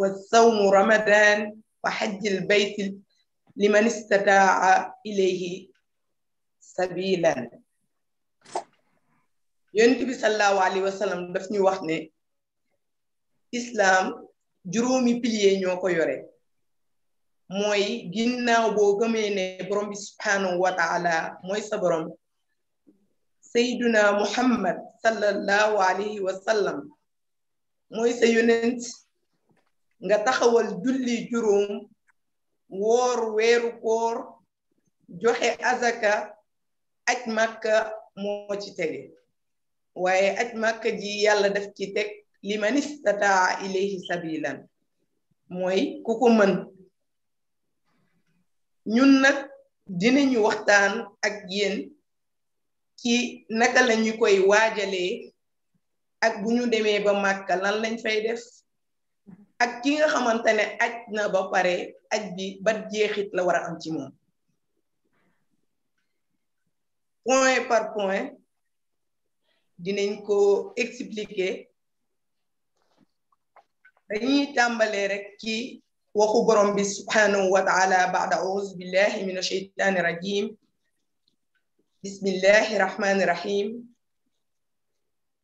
والصوم رمضان وحج البيت لمن استطاع إليه سبيلا yonent bi sallallahu alayhi wa sallam daf ñu wax ne islam juróomi pilier ñoo ko yore mooy ginnaaw boo gëmee ne borom bi subhanahu wa taala mooy sa borom sayyiduna muhammad sallallahu alayhi wa sallam mooy sa yonent nga taxawal julli juróom woor weeru koor joxe azaka aj màkka moo ci tege waaye aj makka ji yàlla def ci teg liman istataa ilayhi sabilan mooy ku ko mën ñun nag dinañu waxtaan ak yéen ci naka lañu koy waajalee ak bu ñu demee ba màkka lan lañ fay def ak ki nga xamantene ne aj na ba pare aj bi ba jeexit la wara am ci mom point par point dinañ ko expliquer dañuy tambalé rek ki waxu borom bi subhanahu wa taala ba'da auzu billahi min asheytani rajim بسم الله الرحمن الرحيم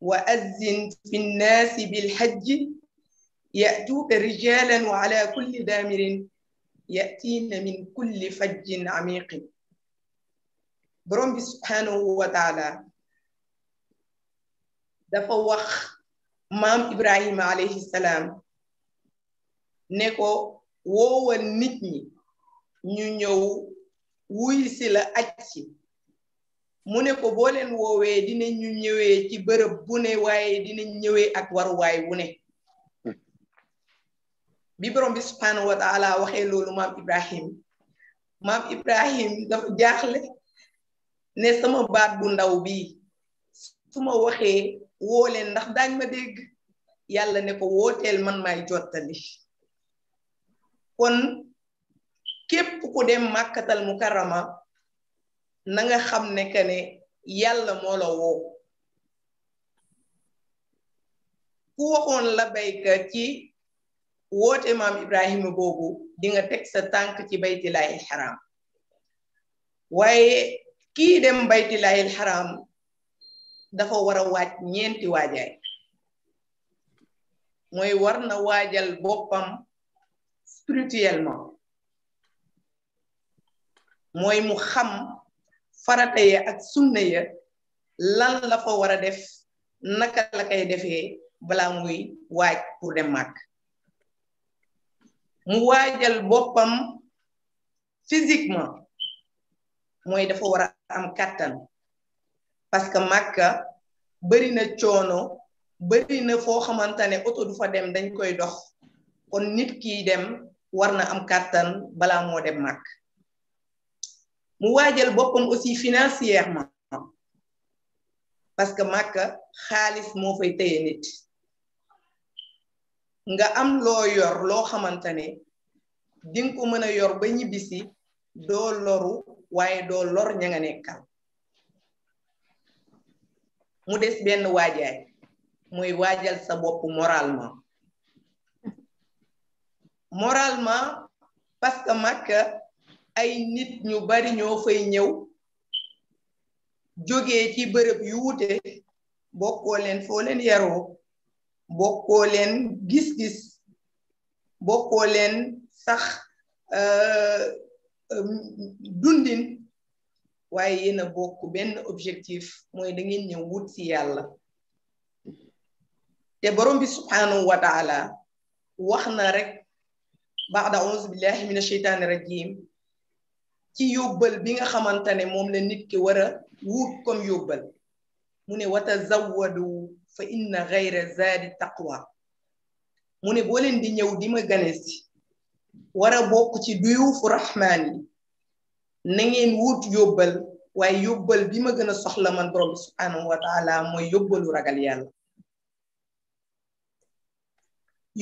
وأذن في الناس بالحج يأتوك رجالا وعلى كل دامر يأتين من كل فج عميق برمب سبحانه وتعالى دفوخ مام إبراهيم عليه السلام نكو وو نتني نيو ko woowal nit ñi mu ne ko boo leen woowee dina ñu ñëwee ci bërëb bu ne waaye dina ñëwee ak waruwaay bu ne bi borom bi subhaanahu wa taala waxee loolu Ibrahim maam Ibrahim dafa jaaxle ne sama baat bu ndaw bi su ma waxee woo ndax daañ ma dégg yàlla ne ko wooteel man maay jottali kon képp ku dem màkkatal mukarrama nanga xam ne que ne yàlla moo la woo ku waxoon la bayka ci woote maam Ibrahima boobu dinga nga teg sa tànk ci baytilaayil xaraam waaye ki dem baytilaayil xaraam dafa war a waaj ñeenti waajaay mooy war na waajal boppam spirituellement mooy mu xam farata ak sunna ya lan la fa war a def naka la koy defee balaa muy waaj pour dem màkk mu waajal boppam physiquement mooy dafa war a am kàttan parce que màkka bëri na coono bëri na foo xamante ne oto du fa dem dañ koy dox kon nit ki dem war na am kattan balaa moo dem màkk mu waajal boppam aussi financièrement parce que màkka xaalis moo fay téye nit nga am lo yor lo xamantane ding ko meuna yor ba ñibbisi do loru waye do lor ña nga nekkal mu dess ben waajaay muy waajal sa bop moralement moralement parce que mak ay nit ñu bari ño fay ñew ci bërepp yu wuté bokko len fo len yaro bokkoo gis-gis bokkoo leen sax euh, euh, dundin waaye yéen a bokk benn objectif mooy da ngeen ñëw wut ci yàlla te borom bi subhanahu wa wax na rek baada auzu billahi min asheytaani rajim ci yóbbal bi nga xamante ne moom la nit ki war a wut comme yóbbal mu ne watazawwadu fa inna ghayra zadi taqwa mu ne boo leen di ñëw di ma gane si war a bokk ci duyuufu rahmaan yi na ngeen wut yóbbal waaye yóbbal bi ma gën a soxla man borom bi subhanahu wa taala mooy yóbbalu ragal yàlla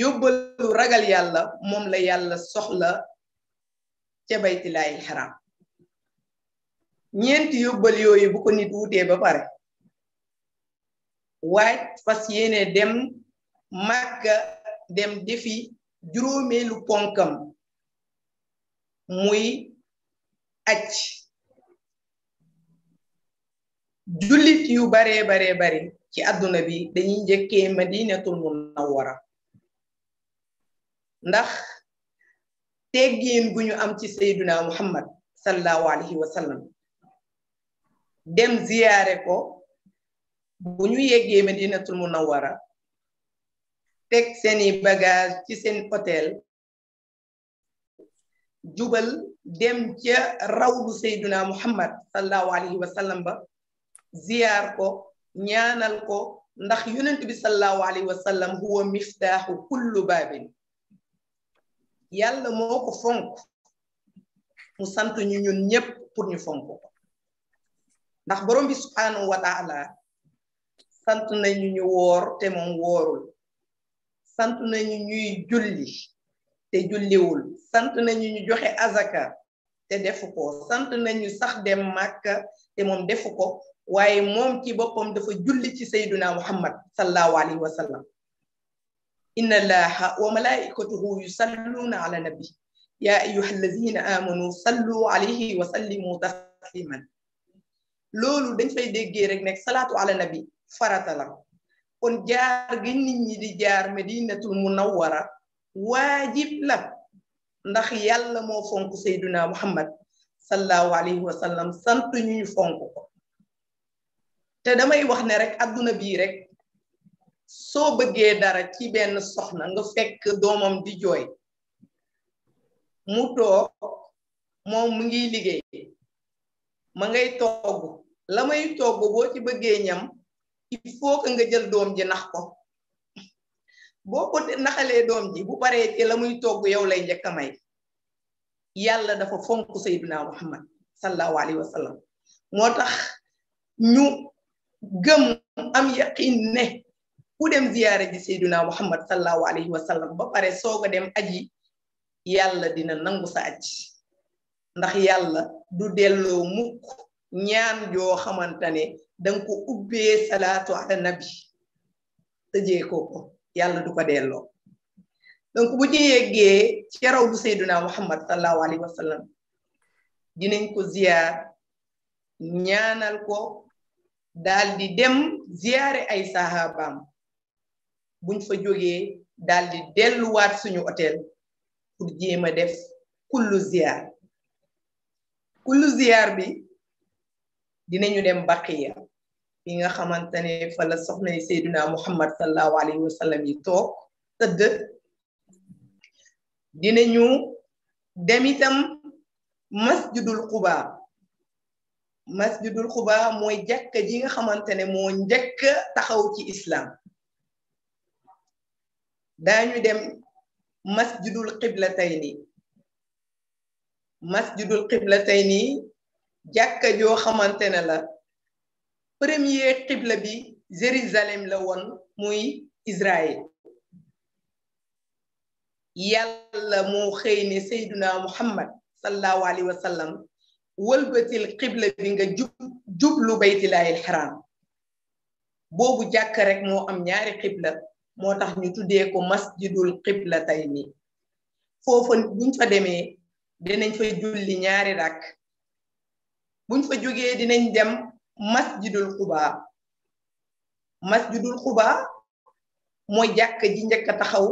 yóbbalu ragal yàlla moom la yàlla soxla ca baytilaayil xaraam ñeenti yóbbal yooyu bu ko nit wutee ba pare waaj fas yéene dem màkka dem defi juróomeelu ponkam muy aj jullit yu baree baree bari ci àdduna bi dañuy njëkkee madinatul munawwara ndax teggiin gu ñu am ci sayduna muhammad sallallahu alayhi wa dem ziyaare ko buñu yeggé medinatul Munawwara tek seeni bagage ci sen hôtel jubal dem ci rawdu sayduna muhammad sallallahu alayhi wa sallam ba ziar ko ñaanal ko ndax yonent bi sallallahu alayhi wa sallam huwa miftah kullu baabin yàlla moko fonk mu sant ñu ñun ñep pour ñu fonk ko ndax borom bi subhanahu wa taala sant nañu ñu woor te moom woorul sant nañu ñuy julli te julliwul sant nañu ñu joxe azaka te defu ko sant nañu sax dem màkka te moom defu ko waaye moom ci boppam dafa julli ci sayduna muhammad sallallahu alayhi wa sallam inna allaha wa malaikatuhu yusalluna ala nabi ya ayuha alladina amanu sallu alayhi wa sallimu tasliman loolu dañ fay déggee rek nekk salaatu ala nabi farata la kon jaar gi nit ñi di jaar medinatul munawwara wajib la ndax yalla mo fonk sayyiduna muhammad sallallahu alaihi wasallam sallam sant ñuy fonk ko te damay wax ne rek aduna bi rek so bëggee dara ci benn soxna nga fekk doomam di joy mu toog moom mu ngi liggéey ma ngay togg lamay togg boo ci bëggee ñam il faut nga jël doom ji nax ko boo ko naxalee doom ji bu pare ci la muy togg yow lay njëkk a may yàlla dafa fonk sayyidina muhammad sallallahu alayhi wa sallam moo tax ñu gëm am yaqin ne ku dem ziyaare ji sayyidina muhammad sallallahu alayhi wa sallam ba pare soog a dem aji yàlla dina nangu sa aji ndax yàlla du delloo mukk ñaan joo danga ko ubbe salatu ala nabi tëjee ko yalla du ko dello. donc bu ñu yeggee ci raw du sayyiduna muhammad sallallahu alaihi wa sallam dinañ ko ziar ñaanal ko daal di dem ziaré ay sahabaam buñ fa joggé daal di wat suñu hôtel pour jema def kullu ziar kullu ziar bi dinañu dem baqiya fi nga xamante ne fa la soxna yi Seydina Muhammad sallallahu alayhi wa yi toog tëdd dinañu dem itam masjidul Quba masjidul Quba mooy jàkka ji nga xamante ne moo njëkk taxaw ci islam daañu dem masjidul qiblatayni masjidul qiblatayni jàkka joo xamante la premier xibla bi jérusalem la woon muy israël yàlla moo xëy ne muhammad sallallahu alayhi wa sallam wëlbatil xibla bi nga jub jublu baytilaayil xaraam boobu jàkk rek moo am ñaari xibla moo tax ñu tuddee ko masjidul xibla tey buñ fa demee dinañ fa julli ñaari rakk buñ fa jógee dinañ dem masjidul xubaa masjidul xubaa mooy jàkk ji njëkk a taxaw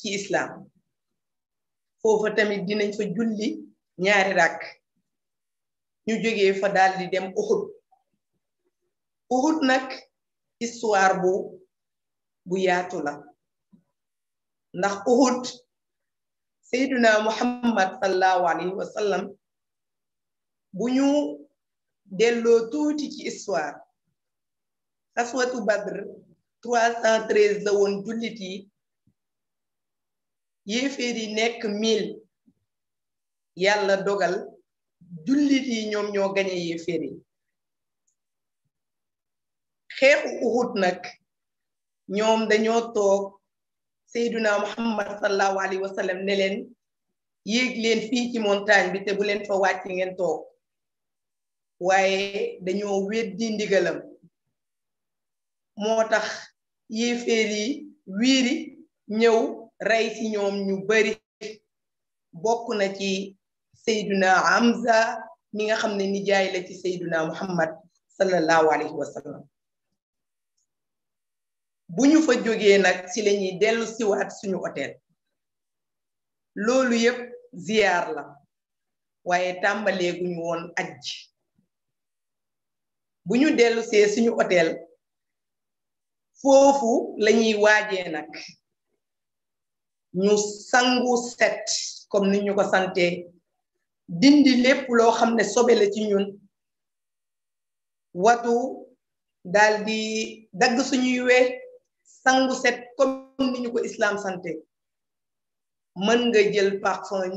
ci islaam foofa tamit dinañ fa julli ñaari ràkk ñu jógee fa daal di dem uxut uxut nag histoire bu bu yaatu la ndax uxut seyduna muhammad sallallahu alayhi wa sallam bu delloo tuuti ci histoire xaswatu badr 313 la woon jullit yi yéeféer yi nekk 1000 yàlla dogal jullit yi ñoom ñoo gañe yéeféer yi xeexu uhud nag ñoom dañoo toog seyduna muhammad sallallahu alayhi wa sallam ne leen yéeg leen fii ci montagne bi te bu leen fa wàcc ngeen toog waaye dañoo weddi ndigalam moo tax yéeféer yi wiiri ñëw rey ci ñoom ñu bari bokk na ci sayduna Hamza mi nga xam ne nijaay la ci sayduna Muhammad sallallahu alayhi wa bu ñu fa jógee nag ci lañuy dellu siwaat suñu hôtel loolu yépp ziyaar la waaye tàmbaleeguñu woon ajj bu ñu dellusee suñu hôtel foofu lañuy waajee nag ñu sangu set comme ni ñu ko sante dindi lépp loo xam ne sobe la ci ñun watu daldi dagg suñuy we sangu set comme ni ñu ko islaam sante mën nga jël parfum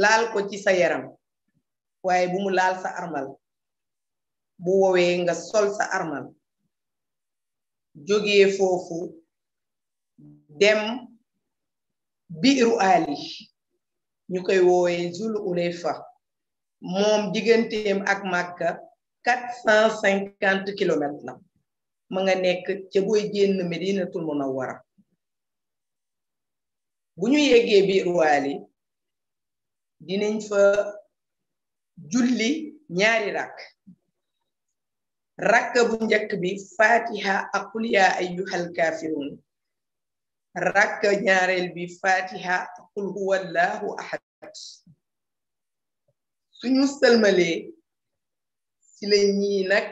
laal ko ci sa yaram waaye bu mu laal sa armal bu woowee nga sol sa armal jógee foofu dem biiru ali ñu koy woowee zul ulayfa moom digganteem ak màkka quatre cent cinquante kilomètres la ma nga nekk ca booy génn a munawwara bu ñu yeggee biiru ali dinañ fa julli ñaari rakk rakka bu njëkk bi fatiha ak qul yaa ayyuhal rakka ñaareel bi fatiha ak qul huwallahu ahad suñu sëlmalee si la ñii nag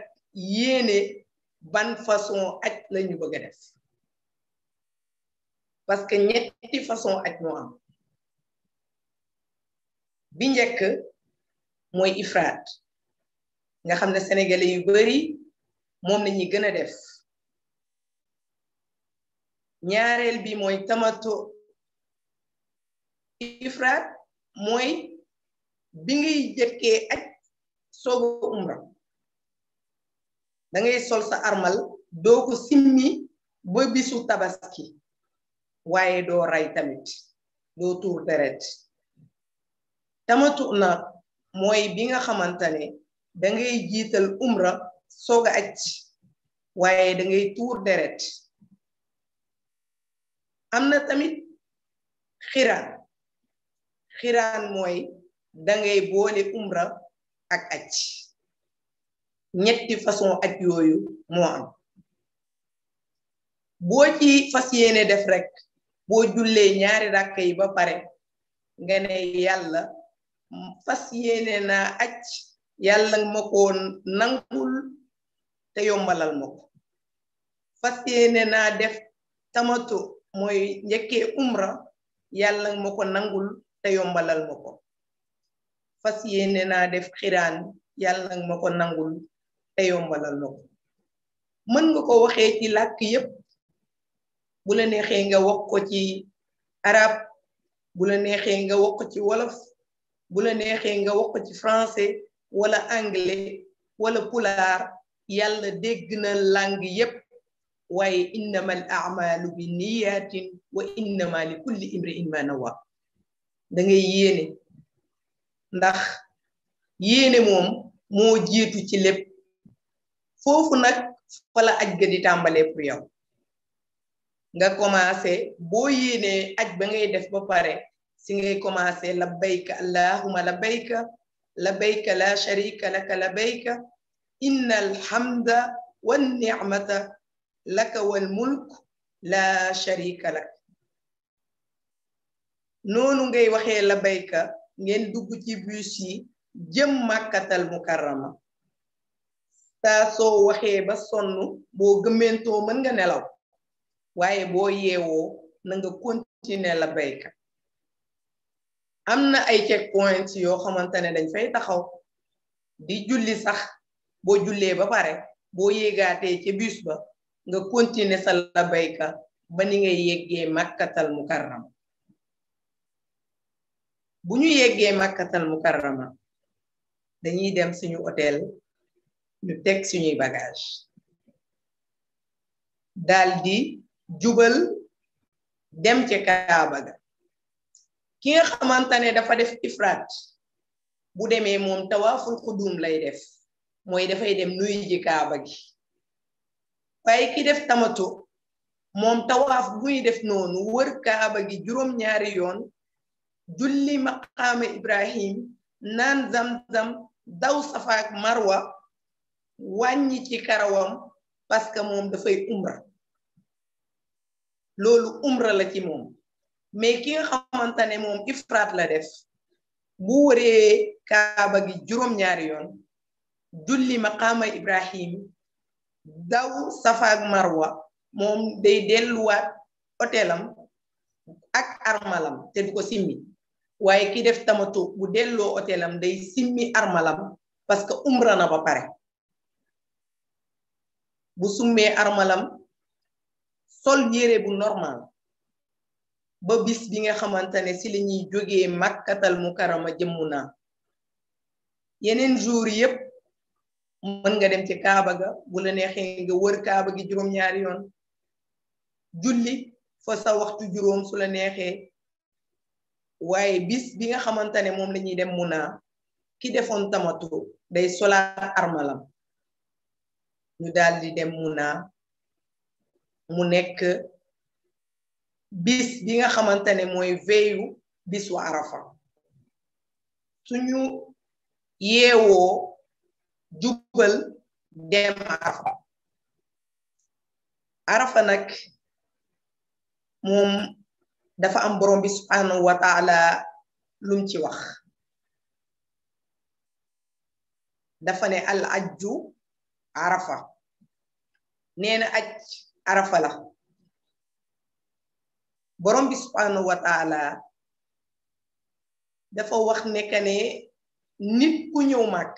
yéene ban façon aj lañu bëgg a def parce ñetti façon aj moo am bi njëkk mooy ifraat nga xam ne sénégalais yu bari moom la ñuy gën a def ñaareel bi mooy tamato ifraat mooy bi ngay jëkkee aj soobu umra da ngay sol sa armal doo ko simmi ba bisu tabaski waaye doo ray tamit doo tuur deret tamatu na mooy bi nga xamante ne dangay jiital umra soog a waaye da ngay tuur deret am na tamit xiraan xiraan mooy da ngay boole umra ak aj ñetti façon aj yooyu moo am boo ci fas yéene def rek boo jullee ñaari ràkk yi ba pare nga ne yàlla fas yéene naa aj yàlla ma ko nangul te yombalal ma ko fas yéene naa def tamato mooy njëkkee umra yàlla ma ko nangul te yombalal ma ko fas yéene naa def xiraan yàlla ma ko nangul te yombalal ma ko mën nga ko waxee ci làkk yépp bu la neexee nga wax ko ci arab bu la neexee nga wax ko ci wolof bu la neexee nga wax ko ci français wala anglais wala pulaar yàlla dégg na lang yépp waaye innama al amalu bi niyatin wa innama li kulli imri'in ma nawa da ngay yéene ndax yéene moom moo jiitu ci lépp foofu nag fa la aj ga di tàmbalee pour yow nga commencé boo yéenee aj ba ngay def ba pare si ngay commencé labbayka allahuma labbayka لبيك لا شريك لك لبيك إن الحمد والنعمة لك والملك لا شريك لك noonu ngay waxee labayka ngeen dugg ci bus yi jëm màkkatal mukarrama saa soo waxee ba sonn boo gëmmentoo mën nga nelaw waaye boo yeewoo na nga continuer labayka am na ay check points yoo xamante ne dañ fay taxaw di julli sax boo jullee ba pare boo yéegaatee ca bus ba nga continuer sa labayka ba ni ngay yeggee màkkatal mukarrama bu ñu yeggee màkkatal mukarrama dañuy dem suñu hôtel ñu teg suñuy bagage daal di jubal dem ca kaaba ga ki nga xamantane dafa def ifrat bu demee moom tawaful xudum lay def mooy dafay dem nuyu ji kaaba gi waaye ki def tamato moom tawaaf buy def noonu wër kaaba gi juróom-ñaari yoon julli maqaama ibrahim naan zamzam daw safa ak marwa wàññi ci karawam parce que moom dafay umra loolu umra la ci moom mais ki nga xamantane ne moom la def bu wéré kaaba gi juróom ñaari yoon julli maqama ibrahim daw safa ak marwa mom day wat hotelam, ak armalam te du simmi waye ki def tamatu bu delo otelam day simmi armalam parce que umra na ba pare bu armalam sol yére bu normal ba bis bi nga xamantane ci ñuy joggé makkatal mukarrama jëmuna yeneen jour yépp mën nga dem ci kaaba ga bu la neexé nga wër kaaba gi juróom ñaari yoon julli fa sa waxtu juróom su la waaye bis bi nga xamantane moom lañuy dem muna ki defoon tamatu day sola armalam ñu daal di dem muna mu nekk bis bi nga xamante ne mooy veyu bisu arafa suñu yeewoo jubal dem arafa arafa nag moom dafa am borom bi subhanahu wa lum ci wax dafa ne al ajju arafa nee na arafa la borom bi subhanahu wa taala dafa wax ne que ne nit ku ñëw màkk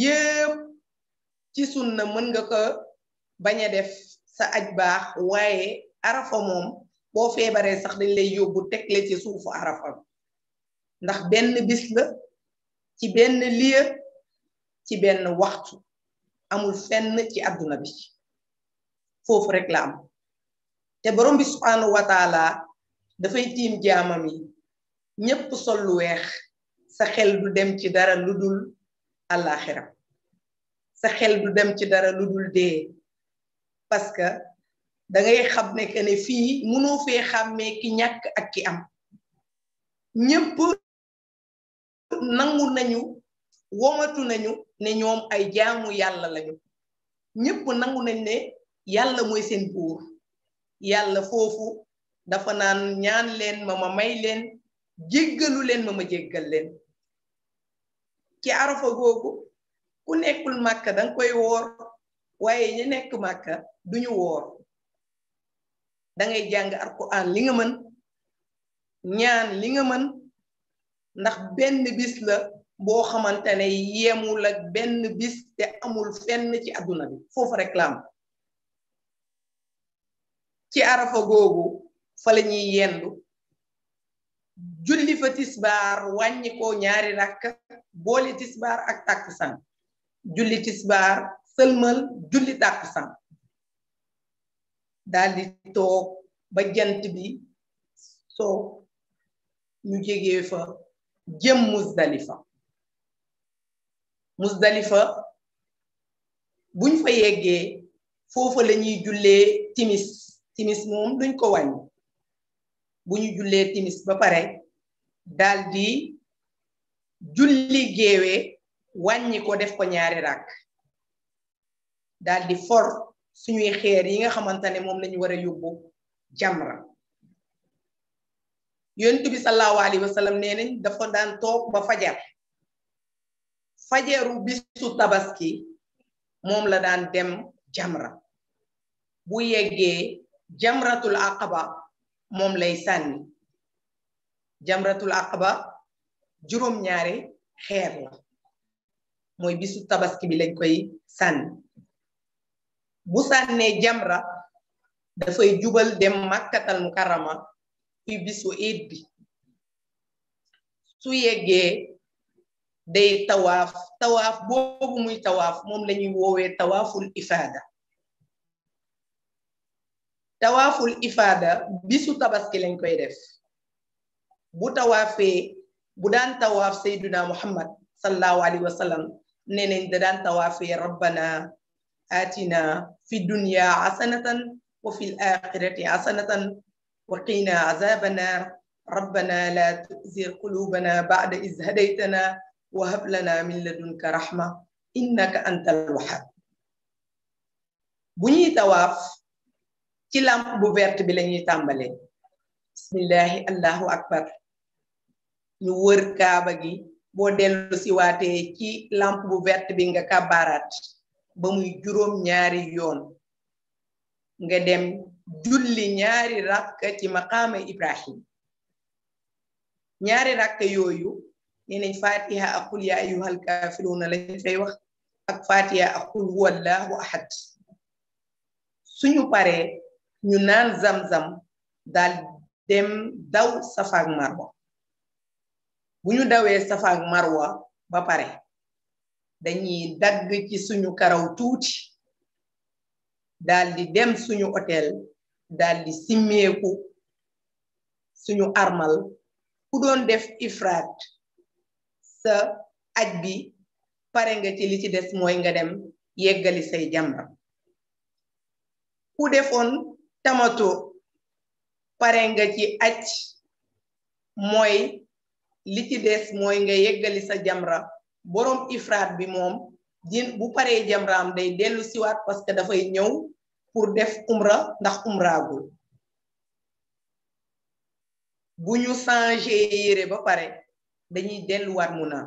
yépp ci na mën nga ko bañ a def sa aj baax waaye arafa moom boo feebaree sax dañ lay yóbbu tegle ci suufu arafa ndax benn bis la ci benn lieu ci benn waxtu amul fenn ci àdduna bi foofu rek la am te borom bi subhanahu wa dafay tiim jaamam yi ñépp sol lu weex sa xel du dem ci dara lu dul àllaaxira sa xel du dem ci dara lu dul dee parce que da ngay xam ne fii mënoo fee xàmmee ki ñàkk ak ki am ñépp nangu nañu womatu nañu ne ñoom ay jaamu yàlla lañu ñépp nangu nañ ne yàlla mooy seen buur yàlla foofu dafa naan ñaan leen ma ma may leen jéggalu leen ma ma jéggal leen ci arafa googu ku nekkul màkka danga koy woor waaye ñu nekk màkka duñu woor dangay jàng alquran li nga mën ñaan li nga mën ndax benn bis la boo xamante ne yemul ak benn bis te amul fenn ci àdduna bi foofu rekk la ci arafa googu fa la ñuy yendu julli fa tisbaar wàññi ko ñaari rakk boole tisbaar ak tàkkusan julli tisbaar sëlmal julli tàkkusan daldi toog ba jant bi soo ñu jegee fa jëm musdalifa musdalifa buñ fa yeggee foofa la ñuy jullee timis timis moom duñ ko wàññi bu ñu julee timis ba pare daldi di julli géewee wàññi ko def ko ñaari ràkk daldi di for suñuy xeer yi nga xamante ne moom lañu war a yóbbu jamra yonent bi sallallahu alayhi wa sallam dafa daan toog ba fajar fajaru bisu tabaski moom la daan dem jamra bu yeggee jamratul aqaba moom lay sànni jamratul aqaba juróom-ñaari xeer la mooy bisu tabaski bi lañ koy sànni bu sànnee jamra dafay jubal dem màkkatal mukarama fi bisu iid bi su yeggee day tawaaf tawaaf boobu muy tawaaf moom lañuy woowee tawaaful ifaada tawaful ifada bisu tabaski lañ koy def bu tawaafee bu daan tawaaf sayduna muhammad sallallahu alayhi wa sallam da daan tawaafee rabbana atina fi dunya hasanatan wa fi alakhirati hasanatan wa qina azaba nar ربنا لا تؤذر قلوبنا بعد إذ هديتنا وهب لنا من لدنك رحمة إنك أنت الوهاب بني تواف ci lampe bu verte bi lañuy tàmbalee bismillahi allahu akbar ñu wër kaaba gi boo dellu si waatee ci lampe bu verte bi nga kabaaraat ba muy juróom ñaari yoon nga dem julli ñaari rakka ci maqaama ibrahim ñaari rakka yooyu nee nañ fatiha ak xul yaa ayyuhal kaafiruuna lañ fay wax ak fatiha ak xul huwallahu ahad suñu paree ñu naan zam-zam daal daw safa ak marwa ñu dawee safa ak ba pare dañuy dagg ci suñu karaw tuuti daldi di dem suñu hôtel daldi di simmeeku suñu armal ku doon def ifraat sa aj bi pare nga ci li ci des mooy nga dem yeggali say jàmbar ku defoon tamato pare nga ci aj mooy li ci mooy nga yeggali sa jamra boroom ifraat bi moom din bu paree jamraam day dellu siwaat parce que dafay ñëw pour def umra ndax umraagul bu ñu changé yére ba pare dañuy delluwaat mu naa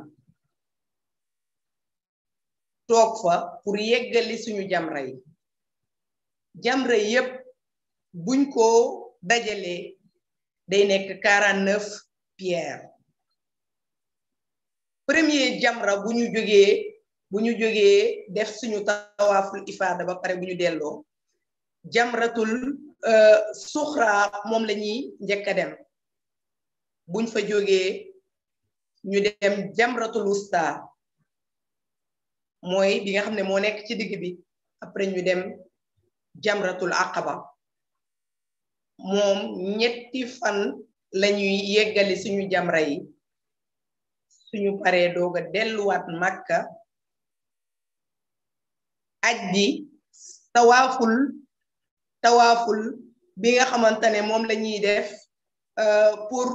toog fa pour yeggali suñu jamra yi jamra yépp buñ ko dajalee day nekk quarante neuf pierre premier jamra bu jógee bu ñu jógee def suñu tawaaful ifaada ba pare buñu delloo jamratul euh, suxra moom la ñuy njëkk a dem buñ fa jógee ñu dem jamratul wusta mooy bi nga xam ne moo nekk ci digg bi après ñu dem jamratul aqaba moom ñetti fan lañuy yeggali suñu jamra yi suñu paree dooga delluwaat màkka aj tawaaful tawaaful bi nga xamante ne moom lañuy def euh, pour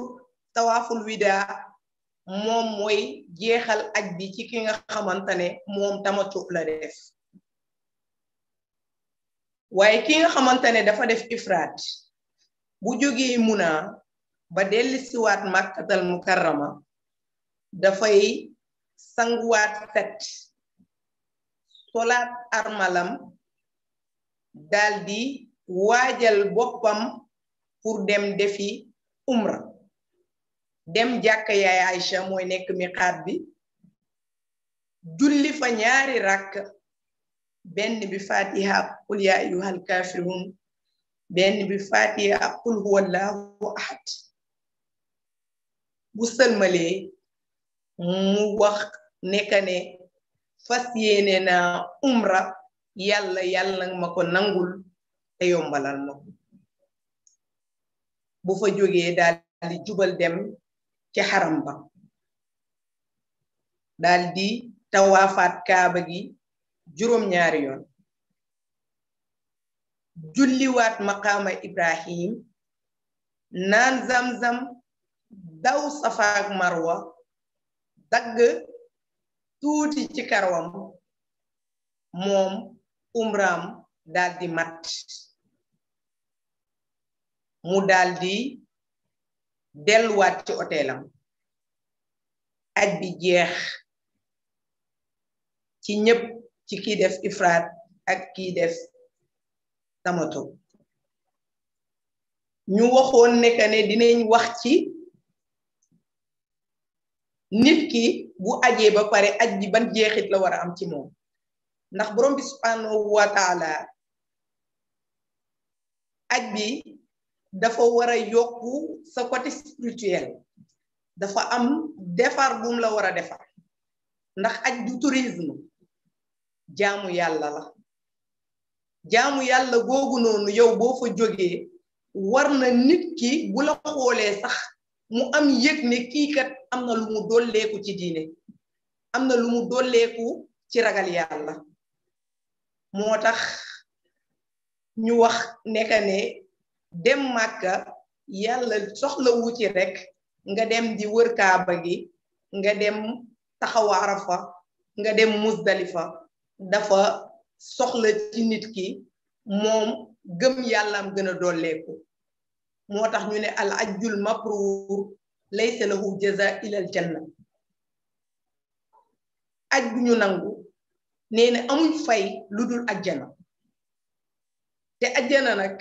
tawaaful widaa moom mooy jeexal aj bi ci ki nga xamantane ne dama tamatu la def waaye ki nga xamante ne dafa def ifraat bu jógee munaa ba dellisiwaat màkkatal mukarrama dafay sanguwaat set solaat armalam daldi waajal boppam pour dem defi umra dem jàkka yaay Aïcha mooy nekk miqaat bi julli fa ñaari rakk benn bi fatiha qul ya ayyuhal kafirun benn bi fatiha qul huwallahu ahad bu sëlmalee mu wax nekka ne fas yéene na umra yàlla yàlla ma ko nangul te yombalal ma ko bu fa jógee daal di jubal dem ci xaram ba daal di tawaafaat kaaba gi juróom-ñaari yoon julliwaat maqaama ibrahim naan zam-zam daw safaak marwa dagg tuuti ci karawam moom umraam daldi mat mu daldi delluwaat ci oteelam aj bi jeex ci ñépp ci ki def ifraat ak ki def amatu ñu waxoon ne que ne dinañ wax ci nit ki bu ajee ba pare aj ji ban jeexit la war a am ci moom ndax borom bi subhanahu wa taala aj bi dafa war a yokku sa côté spirituel dafa am defar mu la war a defar ndax aj du tourisme jaamu yàlla la jaamu yàlla googu noonu yow boo fa jógee war na nit ki bu la xoolee sax mu am yëg ne kii kat am na lu mu dolleeku ci diine am na lu mu dolleeku ci ragal yàlla moo tax ñu wax neka ne dem màkka yàlla soxla wu ci nga dem di wër kaaba gi nga dem taxaw arafa nga dem musdalifa dafa soxla ci nit ki moom gëm yàllaam gën a dolleeku moo tax ñu ne al ajjul mabruur laysa lahu jaza ilal janna aj bu ñu nangu nee na fay lu dul ajjana te ajjana nag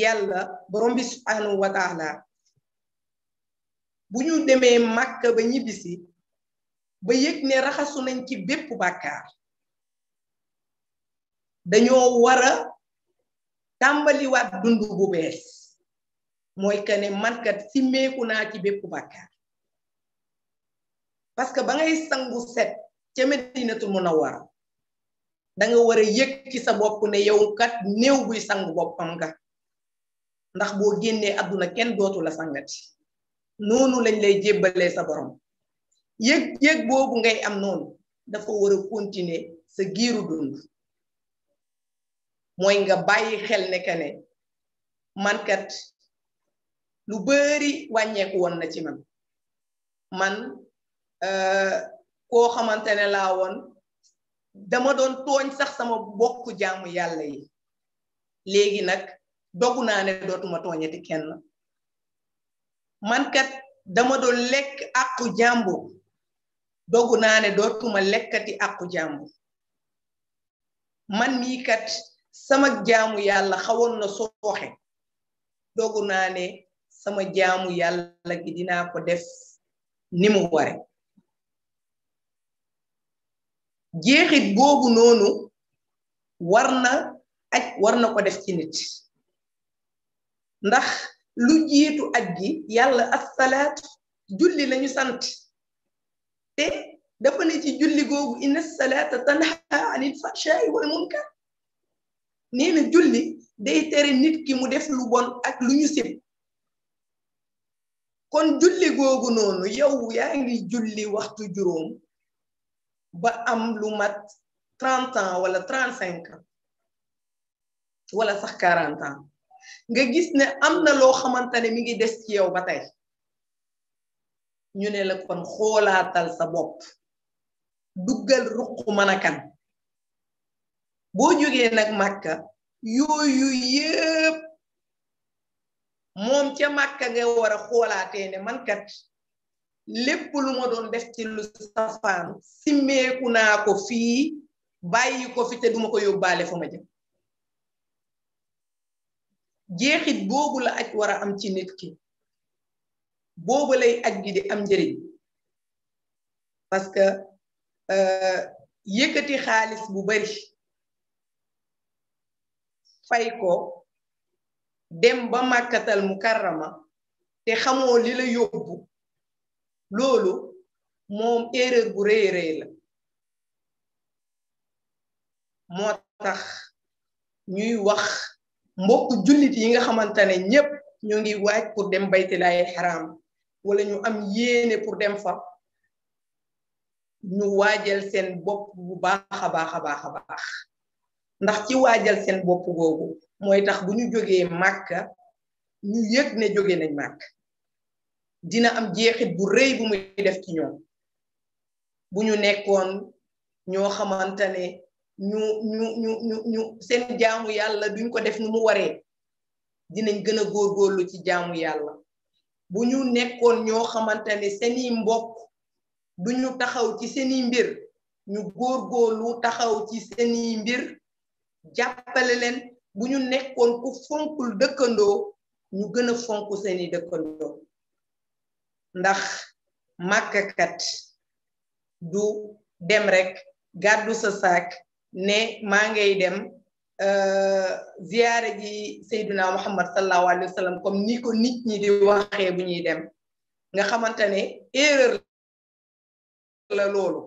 yàlla borom bi subhanahu wa taala bu ñu demee màkka ba ñibbisi ba yëg ne raxasu nañ ci bépp bàkkaar dañoo wara tàmbaliwaat dund bu bees mooy que ne mankat simmeeku naa ci bépp bàkkaar parce que ba ngay sangu set ca Medinatul Munawwara danga war a yëg ci sa bopp ne yow kat néew buy sangu boppam nga ndax boo génnee àdduna kenn dootu la sangati noonu lañ lay jébbalee sa borom yëg yëg boobu ngay am noonu dafa war a continuer sa giiru dund mooy nga bàyyi xel ne que ne mankat lu bari wàññeeku woon na ci man man euh, koo xamante ne laa woon dama doon tooñ sax sama bokk jaamu yàlla yi léegi nag dogu naa ne dootuma tooñati kenn mankat dama doon lekk àqu jàmbur dogu naa ne dootuma lekkati àqu jàmbur man mii kat sama jaamu yàlla xawoon na sooxe dogu naa ne sama jaamu yàlla gi dinaa ko def ni mu ware jeexit googu noonu war na aj ko def ci nit ndax lu jiitu aj gi yàlla salaat julli lañu sant te dafa ne ci julli googu inna salaata tanha anil fahshaa'i wal munkar nee na julli day tere nit ki mu def lu bon ak lu ñu sib kon julli googu noonu yow yaa ngi julli waxtu juróom ba am lu mat trente ans wala trente cinq wala sax quarante nga gis ne am na loo xamante ne mi ngi des ci yow ba tey ñu ne la kon xoolaatal sa bopp duggal ruq mën a kan bo joge nak màkka yoyu yeb mom ci màkka nga wara xolaté ne man kat lépp lu ma doon def ci lu safan simé ku na ko fi bàyyi ko fi te duma ko yobalé fuma jëm jeexit boobu la acc wara am ci nit ki boobu lay acc gi di am njëriñ parce que euh yëkkati xaalis bu bari fay ko dem ba màkkatal mukarrama te xamoo lila la yóbbu loolu moom erreur bu rëy rëy la moo tax ñuy wax mbokk jullit yi nga xamante ne ñépp ñu ngi waaj pour dem baytilay xaraam wala ñu am yéene pour dem fa ñu waajal seen bopp bu baax baax a baax a baax ndax ci waajal seen bopp googu mooy tax bu ñu jógee màkka ñu yëg ne jóge nañ màkk dina am jeexit bu rëy bu muy def ci ñoom bu ñu nekkoon ñoo xamantane ñu ñu ñu ñu seen jaamu yàlla duñ ko def ni mu waree dinañ gën a góorgóorlu ci jaamu yàlla bu ñu nekkoon ñoo xamante ne seeni mbokk duñu taxaw ci seeni mbir ñu góorgóorlu taxaw ci seeni mbir jàppale leen bu ñu nekkoon ku fonkul dëkkandoo ñu gën a fonk seeni dëkkandoo ndax màkkakat du dem rek gàddu sa saak ne maa ngay dem euh, ziyaare ji Seydina Muhammad sallallahu alayhi wa sallam comme niko ko nit ñi di waxee bu ñuy dem nga xamante ne erreur la loolu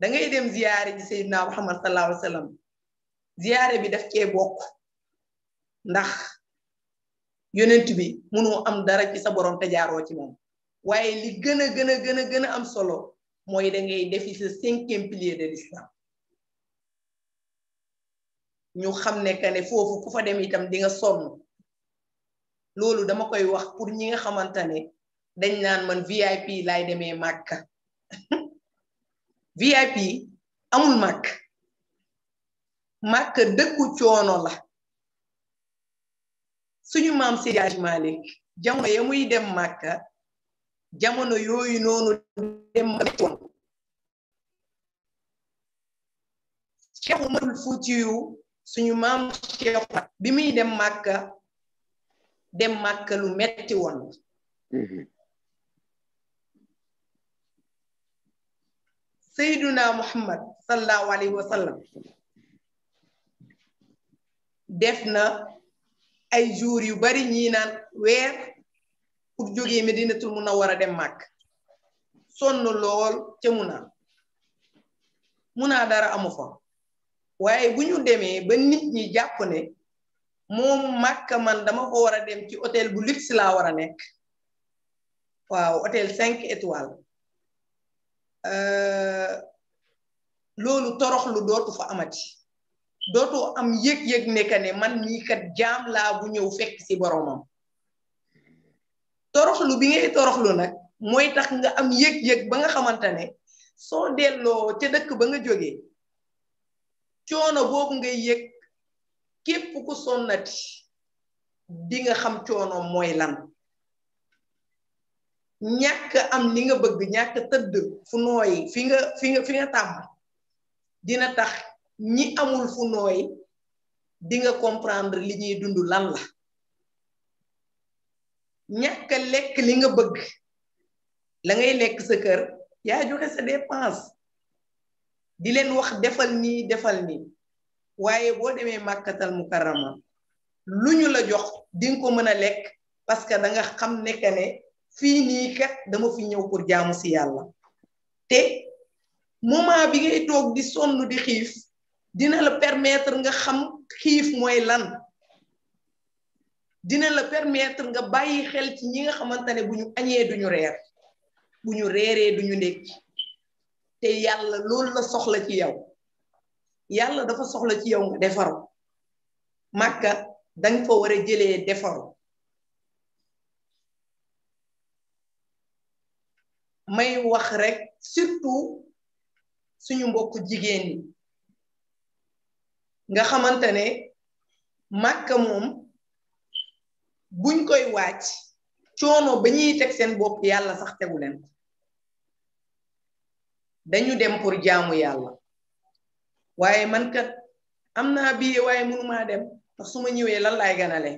da ngay dem ziyaare ji Seydina Muhammad sallallahu alayhi ziyaare bi daf cee bokk ndax yonent bi mënoo am dara ci sa borom te jaaroo ci moom waaye li gën a gën a gën a gën a am solo mooy da ngay defi sa cinquième pilier de l'islam ñu xam ne que ne foofu ku fa dem itam di nga sonn loolu dama koy wax pour ñi nga xamante ne dañ naan man VIP laay demee màkk VIP amul màkk. màkk dëkku coono la suñu maam Seydi Hadji Malick jamono muy dem màkka jamono yooyu noonu dem coon Cheikh Umarul Fuutiyu suñu maam Cheikh bi muy dem màkka dem màkka lu metti woon mhm. Seyduna Muhammad sallallahu alayhi wa def na ay jours yu bari ñi naan weer pour jógee Medinatul Munawwara dem màkk sonn lool ca Muna Muna dara amu fa waaye bu ñu demee ba nit ñi jàpp ne moom màkk man dama ko war a dem ci hôtel bu luxe laa war a nekk waaw hôtel cinq étoiles euh, loolu torox lu dootu fa amati dootoo am yëg-yëg nekka ne man mii kat jaam laa bu ñëw fekk ci boroomam toroxlu bi ngay toroxlu nag mooy tax nga am yëg-yëg ba nga xamante ne soo delloo ca dëkk ba nga jógee coono boobu ngay yëg képp ku sonnati di nga xam coono mooy lan ñàkk am li nga bëgg ñàkk tëdd fu nooy fi nga fi nga tàmm dina tax ñi amul fu nooy di nga comprendre li ñuy dund lan la ñàkk lekk li nga bëgg la ngay lekk sa kër yaa joxe sa dépense di leen wax defal nii defal nii waaye boo demee màkkatal mukarrama lu ñu la jox di nga ko mën a lekk parce que da nga xam ne que ne fii nii kat dama fi ñëw pour jaamu si yàlla te moment bi ngay toog di sonn di xiif dina la permettre nga xam xiif mooy lan dina la permettre nga bàyyi xel ci ñi nga xamantane bu ñu añee duñu reer bu ñu reeree duñu nekk te yàlla loolu la soxla ci yow yàlla dafa soxla ci yow nga defaru màkka dang fa war a jëlee defaru may wax rek surtout suñu mbokk jigéen yi nga xamante ne màkka moom buñ koy wàcc coono ba ñuy teg seen bopp yàlla sax tegu leen dañu dem pour jaamu yàlla waaye man kat am naa billet waaye mënumaa dem ndax su ma ñëwee lan laay ganale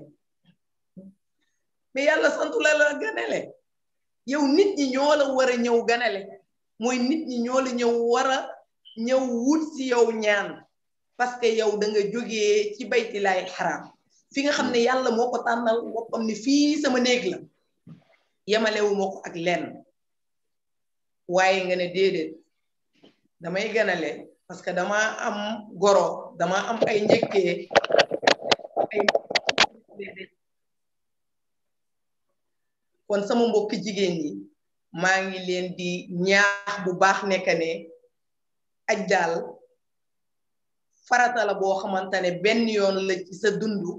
mais yàlla santu la la ganale yow nit ñi ñoo la war a ñëw ganale mooy nit ñi ñoo la ñëw war a ñëw wut si yow ñaan parce que yow da nga joggé ci baytilaay haram fi nga xamné hmm. yalla moko tanal bopam ni fi sama neeg la yamalé wu moko ak lenn waye nga né dédé damay gënalé parce que dama am goro dama am ay njëkkee kon sama mbokk jigéen ñi maa ngi leen di ñaax bu baax nekk ne aj daal farata boo xamante ne benn yoon la ci sa dundu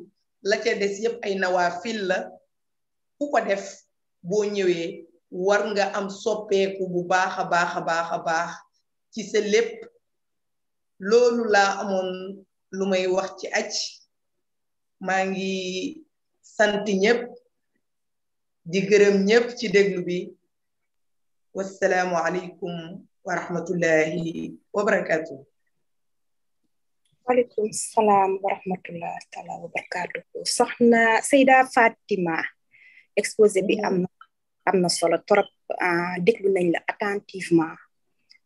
la ca des yépp ay nawaafil la ku ko def boo ñëwee war nga am soppeeku bu baax a baax a baax a baax ci sa lépp loolu laa amoon lu may wax ci aj maa ngi sant ñépp di gërëm ñépp ci déglu bi wasalaamu aleykum wa wa barakatuh Waalaikumsalam warahmatullahi wabarakatuh. taala wabarakatuh. soxna Seyda Fatima exposé bi am amna solo torop ah, déglu nañ la attentivement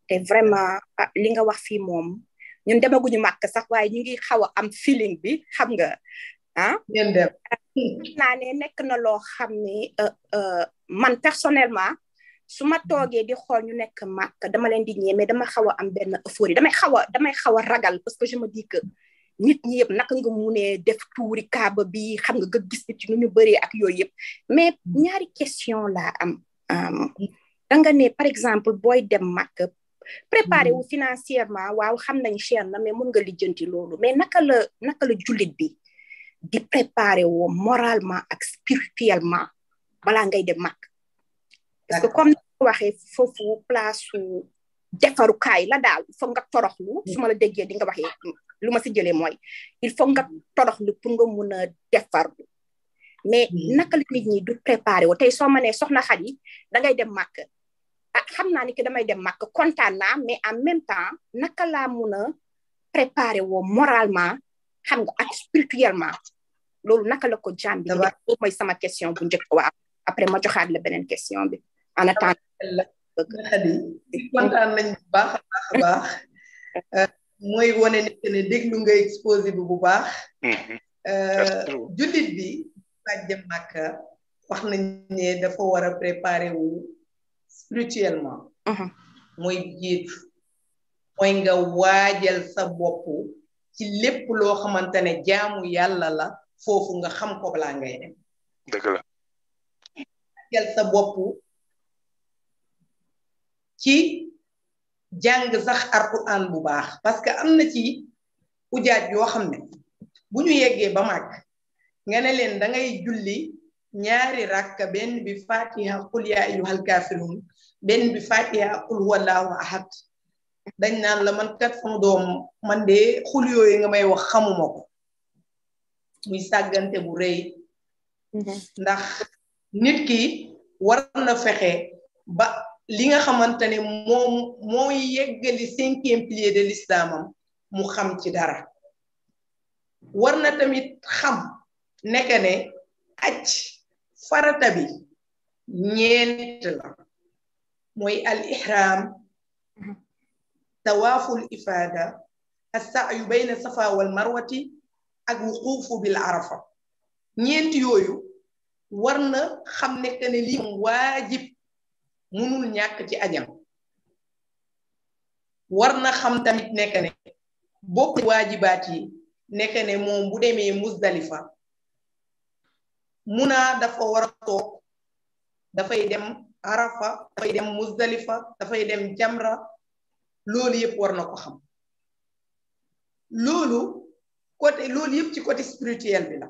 Té vraiment ah, li nga wax fi mom ñun demaguñu mak sax waye ñi ngi xawa am feeling bi xam nga ah na ne nek na xamni euh ma. Euh, man personnellement su ma toogee di xool ñu nekk màkk dama leen di ñeeme dama xaw a am benn euphorie damay xaw a damay xaw a ragal parce que je me dis que nit ñi yëpp naka nga munee def tuuri kaaba bi xam nga nga gisti nit nu ñu bëree ak yooyu yëpp mais ñaari question laa am da nga ne par exemple booy dem màkk préparé wu hmm. financièrement waaw xam nañ cher na mais mun nga lijjanti loolu mais naka la naka la jullit bi di préparé woo moralement ak spirituellement balaa ngay dem màkk parce que comme ni ko waxee foofu place su defarukaay la daal il faut nga toroxlu su ma la déggee di nga waxee lu ma si jëlee mooy il fo nga toroxlu pour nga mun a defarlu mais naka la nit ñi du préparé wu tey soo ma nee soxna xat yi da dem màkk ah, xam naa ni que damay dem màkk kontaan naa mais en même temps naka laa mun a préparé woo moralement xam nga at spirituellement loolu naka la ko jàmbi loolu mooy sama question bu njëkk waaw après ma joxaat la beneen question bi Iya, en iya, attendant iya. eh, di kontaan nañ bu baax a baax a baax mooy wone ne que ne déglu nga exposé bi bu baax jullit bi faj jëm màkka wax nañ ne dafa war a préparé wu spirituellement mooy mm-hmm. jiitu mooy nga waajal sa bopp ci lépp loo xamante ne jaamu yàlla la foofu nga xam ko balaa ngay dem dëgg la waajal sa bopp ci jàng sax alquran bu baax parce que am na ci ujaaj yoo xam ne bu ñu yeggee ba màgg nga ne leen da ngay julli ñaari rakka benn bi fatiha qul yaa ayyuhal kaafiruun benn bi fatiha qul huwallaahu ahad dañ naan la man kat sama doom man de xul yooyu nga may wax xamuma ko muy sàggante bu rëy mm-hmm. ndax nit ki war na fexe ba li nga xamante ne moom moo yeggali cinquième pilier de l'islamam mu xam ci dara war na tamit xam neke ne acc farata bi ñeent la mooy al ihram mhm. tawaaful ifaada assaayu bayna safa wal marwati ak wuquufu bil arafa ñeent yooyu war xam nekk ne lii moom waajib munul ñàkk ci ajam war na xam tamit nekk ne bokk waajibaat yi nekk ne moom bu demee musdalifa Muna dafa war a toog dafay dem arafa dafay dem musdalifa dafay dem jamra loolu yëpp war na ko xam loolu côté loolu yëpp ci côté spirituel bi la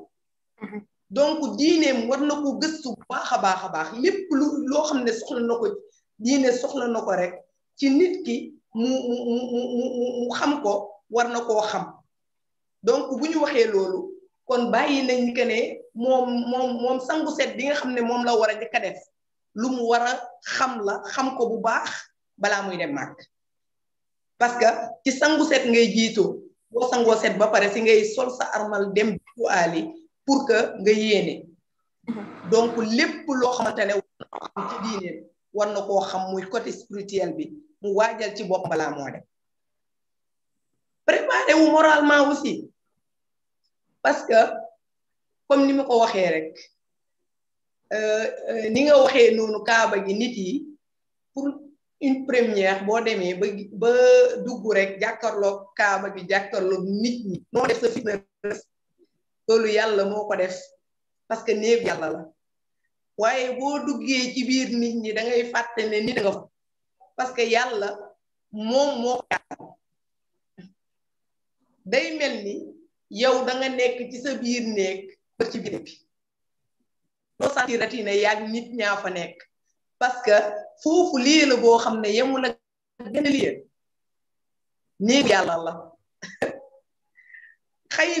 mhm. donc diineem war na ko gëstu bu baax a baax a baax lépp lu loo xam ne soxla na ko diine soxla na ko rek ci nit ki mu mu mu mu xam ko war na koo xam donc bu ñu waxee loolu kon bàyyi nañ que ne moom moom sangu set bi nga xam ne moom la war a njëkk a def lu mu war a xam la xam ko bu baax balaa muy dem màkk parce que ci sangu set ngay jiitoo boo sangoo set ba pare si ngay sol sa armal dem bi aali pour que nga yéene mhm. donc lépp loo xamante ne war na koo xam muy côté spirituel bi mu waajal ci bopp balaa moo dem préparé wu moralement aussi parce que comme ni ma ko waxee rek euh, euh, ni nga waxee noonu kaaba gi nit yi pour une première boo demee ba ba dugg rek jàkkarloog kaaba bi jàkkarloog nit ñi noo def sa fitna loolu yàlla moo ko def parce que néeg yàlla la waaye boo duggee ci biir nit ñi dangay ngay fàtte ne nit nga fa parce que yàlla moom moo ko day mel ni yow danga nekk ci sa biir néeg ci biir bi loo sentirati ne yaag nit ñaa fa nekk parce que foofu lii la boo xam ne yemul ak benn lii néeg yàlla la xëy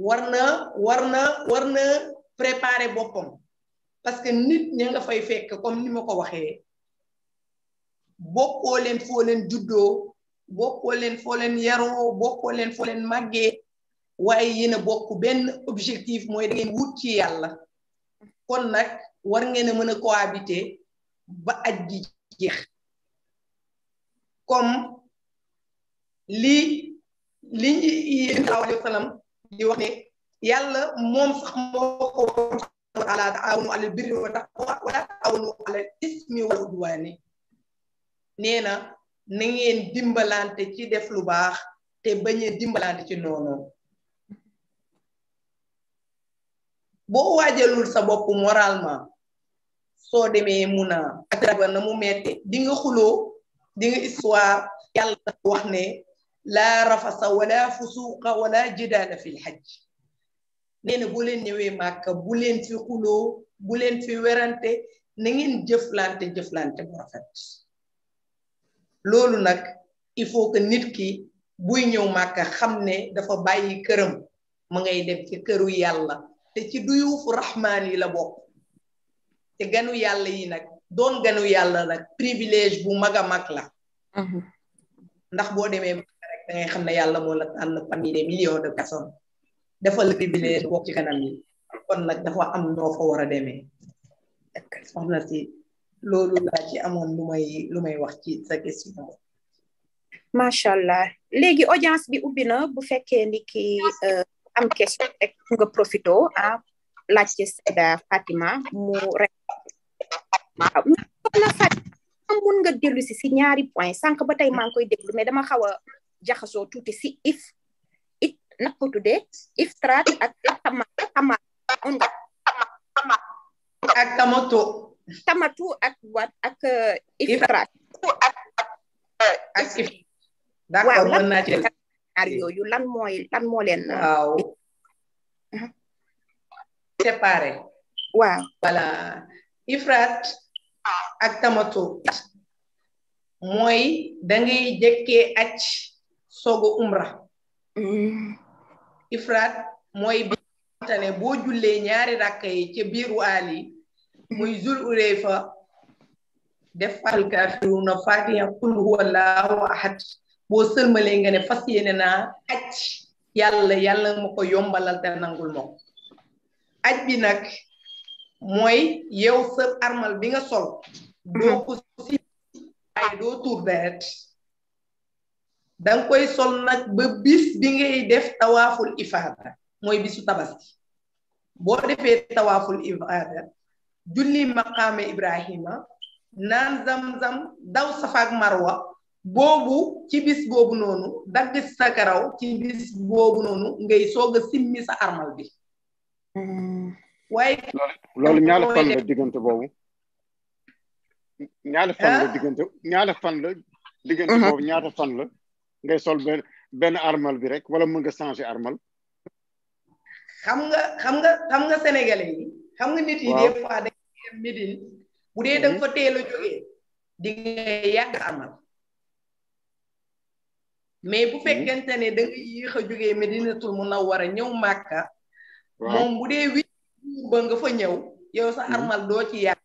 war na war na war na préparer boppam parce que nit ña nga fay fekk comme ni ma ko waxee bokkoo leen foo leen juddoo bokkoo leen foo leen yaroo bokkoo leen foo màggee waaye yéen bokk benn objectif mooy da ngeen wut ci yàlla kon nag warngeen ngeen a mën a ba aj ji jeex comme li li ñu yéen sallam di wax ne yàlla moom sax moo ko ala taawunu alal birri wa taqwa wala taawunu alal ismi wal udwaani nee na na ngeen dimbalante ci def lu baax te bañ a dimbalante ci noonu boo waajalul sa bopp moralement soo demee mun a ak na mu metti di nga xuloo histoire yàlla wax ne la rafasa wala fusuqa wala jidaala fil xaj nee na bu leen ñëwee màkka bu leen fi xuloo bu leen fi werante na ngeen jëflante jëflante bu rafet loolu nag il faut que nit ki buy ñëw màkka xam ne dafa bàyyi këram mu ngay dem ci këru yàlla te ci duyuufu raxmaan yi la bokk te ganu yàlla yi nag doon ganu yàlla nag privilège bu mag a mag la mhm. ndax boo demee da ngay xam ne yàlla moo la tànn famille des millions de personnes ci kanam yi kon dafa am noo fa war a demee soxna si loolu laa ci amoon lu may wax ci sa question macha allah léegi audience bi ubbi na bu fekkee ni ki euh, am question nga profito ah laajte Seyda Fatima mu rek waaw mun nga dellu si ñaari point sànq ba tey maa koy déglu mais dama xaw jaxasoo tuuti si if it nag ak tama tama nga tamatu ak wat ak uh, iftraat ak if d'accord mën naa lan mooy lan moo leen uh, waaw mhm. séparé waaw voilà ak tamatu mooy da ngay jëkkee acc soog a umra mm. ifraat mooy bi tane boo jullee ñaari rakka yi ca biiru aali muy zul ureefa def alkaafiruuna fatiha kul huwallaahu ahad boo sëlmalee nga ne fas yéene naa aj yàlla yàlla ko yombalal te nangul ma ko bi nag mooy yow sa armal bi nga sol doo ko si waaye doo tuur danga koy sol nag ba bis bi ngay def tawaaful ifaada mooy bisu tabaski boo defee tawaaful ifaada julli maqaame Ibrahima naan zam-zam daw safaak marwa boobu ci bis boobu noonu dagg sa karaw ci bis boobu noonu ngay soog a simmi sa armal bi waaye loolu ñaala fan la diggante mhm. boobu ñaala fan la diggante boobu ñaata fan la ngay sol benn benn armal bi rek wala mën nga changer armal. xam nga xam nga xam nga sénégalais yi. xam nga nit yi des fois dañuy Médine bu dee da nga fa mhm. teel a jógee di nga yàgg armal mais bu mhm. fekkente ne da nga yéex a jógee Médinatul Munawwara ñëw Màkka. moom bu dee huit jours ba fa ñëw. yow sa mhm. armal doo ci yàgg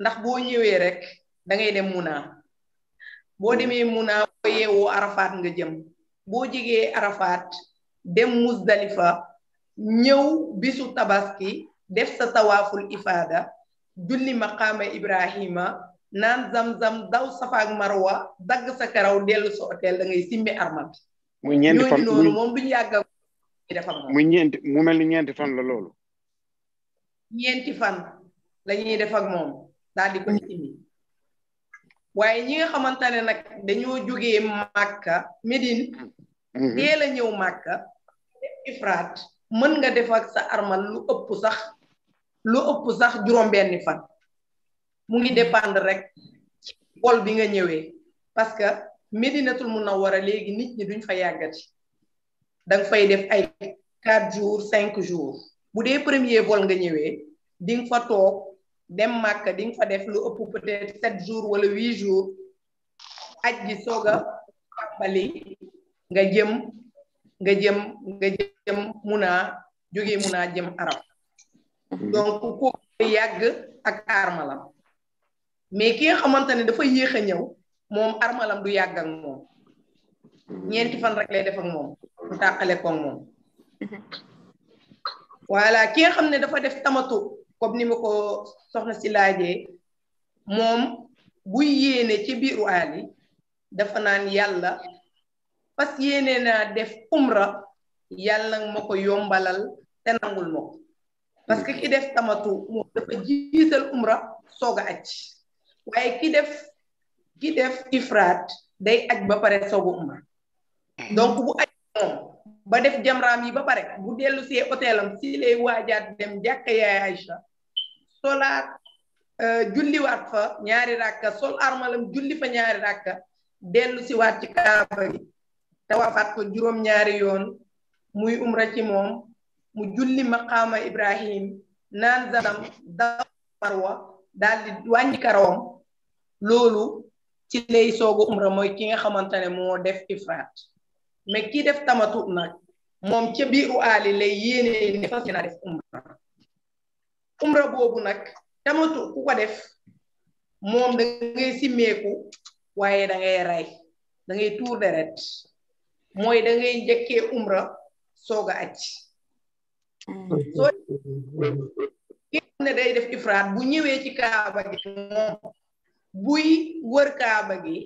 ndax boo ñëwee rek dangay ngay dem Muna. boo demee Muna boo yeewoo Arafat nga jëm boo jegee Arafat dem Muzdalifa ñëw bisu tabaski def sa tawaaful ifaada julli maqaama Ibrahima naan zam-zam daw Safa ak Marwa dagg sa karaw dellu sa hôtel da ngay simmi arma bi. muy yàgg a mu mel ni ñeenti fan la loolu. ñeenti fan la ñuy def ak moom daal di mm. simmi. waaye ñi nga xamante ne nag dañoo jógee màkka Médine mhm. teel a ñëw màkka def ifraat mën nga def ak sa armal lu ëpp sax lu ëpp sax juróom-benni fan mu ngi depand rek bool bi nga ñëwee parce que Médinatul Munawwara léegi nit ñi duñ fa yàggati danga fay def ay quatre jour cinq jour bu dee premier vol nga ñëwee di fa toog dem màkk di nga fa def lu ëpp peut-être sept jours wala huit jours aj gi soog a tàmbali nga jëm nga jëm nga jëm muna jóge muna jëm arab mhm. donc ku yàgg ak armalam mais ki nga xamante ne dafa yéex a ñëw moom armalam du yàgg ak moom mhm. ñeenti fan rek lay def ak moom du tàqale moom mhm. voilà ki xam ne dafa def tamatu comme ni ma ko soxna ci laaje mom bu yene ci biiru ali dafa nan yalla pas yene na def umra yalla ng yombalal te nangul ma parce que ki def tamatu mo dafa jital umra soga acc waye ki def ki def ifrat day acc ba pare sogu umra donc bu acc mom ba def jamram yi ba pare bu delu ci hotelam ci lay waajaat dem jàkka yaay solaat euh, julliwaat fa ñaari ràkka sol armalam julli fa ñaari ràkka dellu si waat ci kaaba gi tawaafaat ko juróom ñaari yoon muy umra ci moom mu julli maqaama ibrahim naan zanam da marwa daal di wàññi karawam loolu ci lay soogu umra mooy ki nga xamante ne moo def ifraat mais ki def na nag moom ca biiru aali lay yéene ne fas na def umra umra boobu nag tamatu ku ko def moom da ngay simmeeku waaye da ngay rey da tuur deret mooy dangay ngay njëkkee umra soog a aj ki ne day def ifraat bu ñëwee ci kaaba gi moom buy wër kaaba gi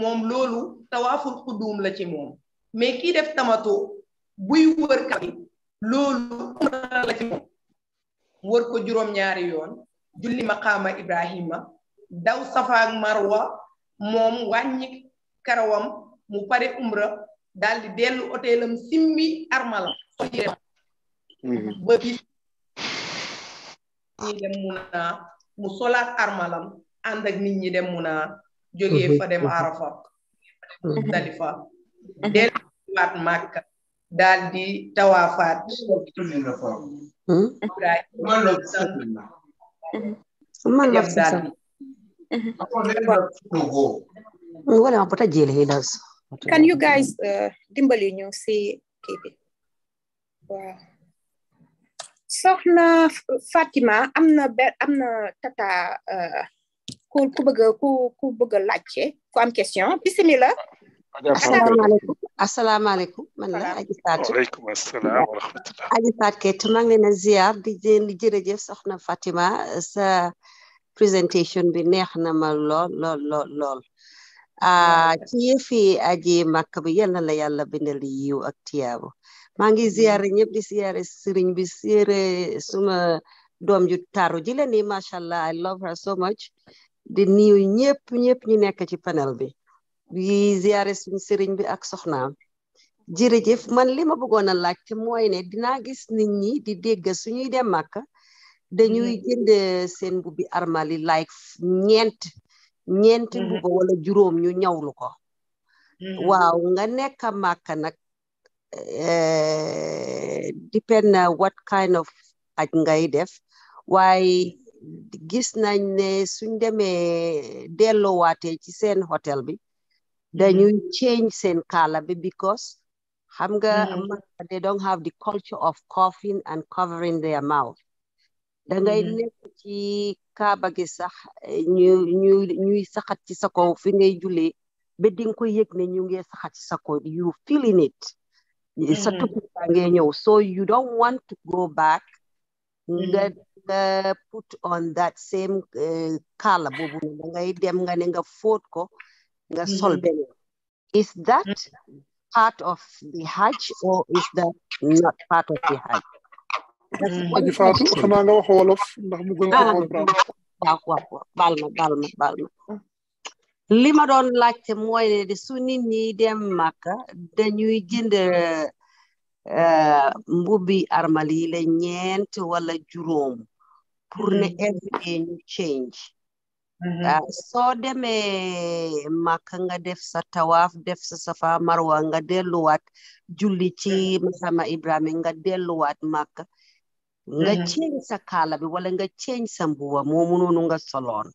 moom loolu tawaaful xuduum la ci moom mais kii def tamatu buy wër kaaba gi loolu umra la ci moom wër ko juróom ñaari yoon julli maqama ibrahima daw safa ak marwa mom wañi karawam mu pare umra di delu hotelam simmi armalam mhm. ba bi ñi dem muna mu solat armalam and ak nit ñi dem muna joge fa dem mhm. arafat dalifa mhm. wat daal di tawaafaat. man la sasa wala mapata jele hilas can you guys uh, dimbali ñu si kii bi Fatima am na tata uh, ku ku bëgg ku ku bëgg laajte ku am question bismillah asalaamaaleykum asalaamaaleykum man la Aji Fatou waaleykum asalaam wa rahmatullah Aji a ziar di leen di jërëjëf soxna Fatima sa présentation bi neex na ma lool lool lool lool ah, ah, ci yëfi aji màkk bi yal na la yàlla bindal yiw ak tiyaabo maa ngi ziare mm. ñëpp di ziare sëriñ bi ziare suma doom ju taru ji la ni macha allah I love her so much di nuyu ñëpp ñëpp ñu nekk ci panel bi di ziare suñu sëriñ bi ak soxnaam jërëjëf man li ma bëggoon a laajte mooy ne dina gis nit ñi di dégg suñuy dem Màkka dañuy mm-hmm. jënd seen mbubbi armali like ñeent ñeent mbuba mm-hmm. wala juróom ñu ñawlu ko mm-hmm. waaw nga nekk Màkka nag eh, depend na what kind of aj ngay def waaye gis nañ ne suñ demee delloowaatee ci seen hôtel bi dañuy mm-hmm. change same color because xam nga mm-hmm. they don't have the culture of coughing and covering their mouth dangay mm-hmm. nekk ci kaaba gi sax ñu ñu ñuy saxat ci sa fi ngay ko ne ñu saxat ci you feeling it sa ñëw so you don't want to go back nga put on that same eh, color. boobu dangay dem nga ne nga ko the mm -hmm. Is that mm-hmm. part of the Hajj or is that not part of the Hajj? aji faatu xanaa nga wax ñi dem màkka dañuy jënd eh, mbubbi armal yi wala jurom. pour ne mm-hmm. every change Mm-hmm. Ah, soo demee Màkka nga def sa tawaaf def sa safa marwa nga delluwaat julli ci masama Ibrahima nga delluwaat Màkka nga mm-hmm. change sa kaala bi wala nga change sa mbuba moomu noonu nga soloon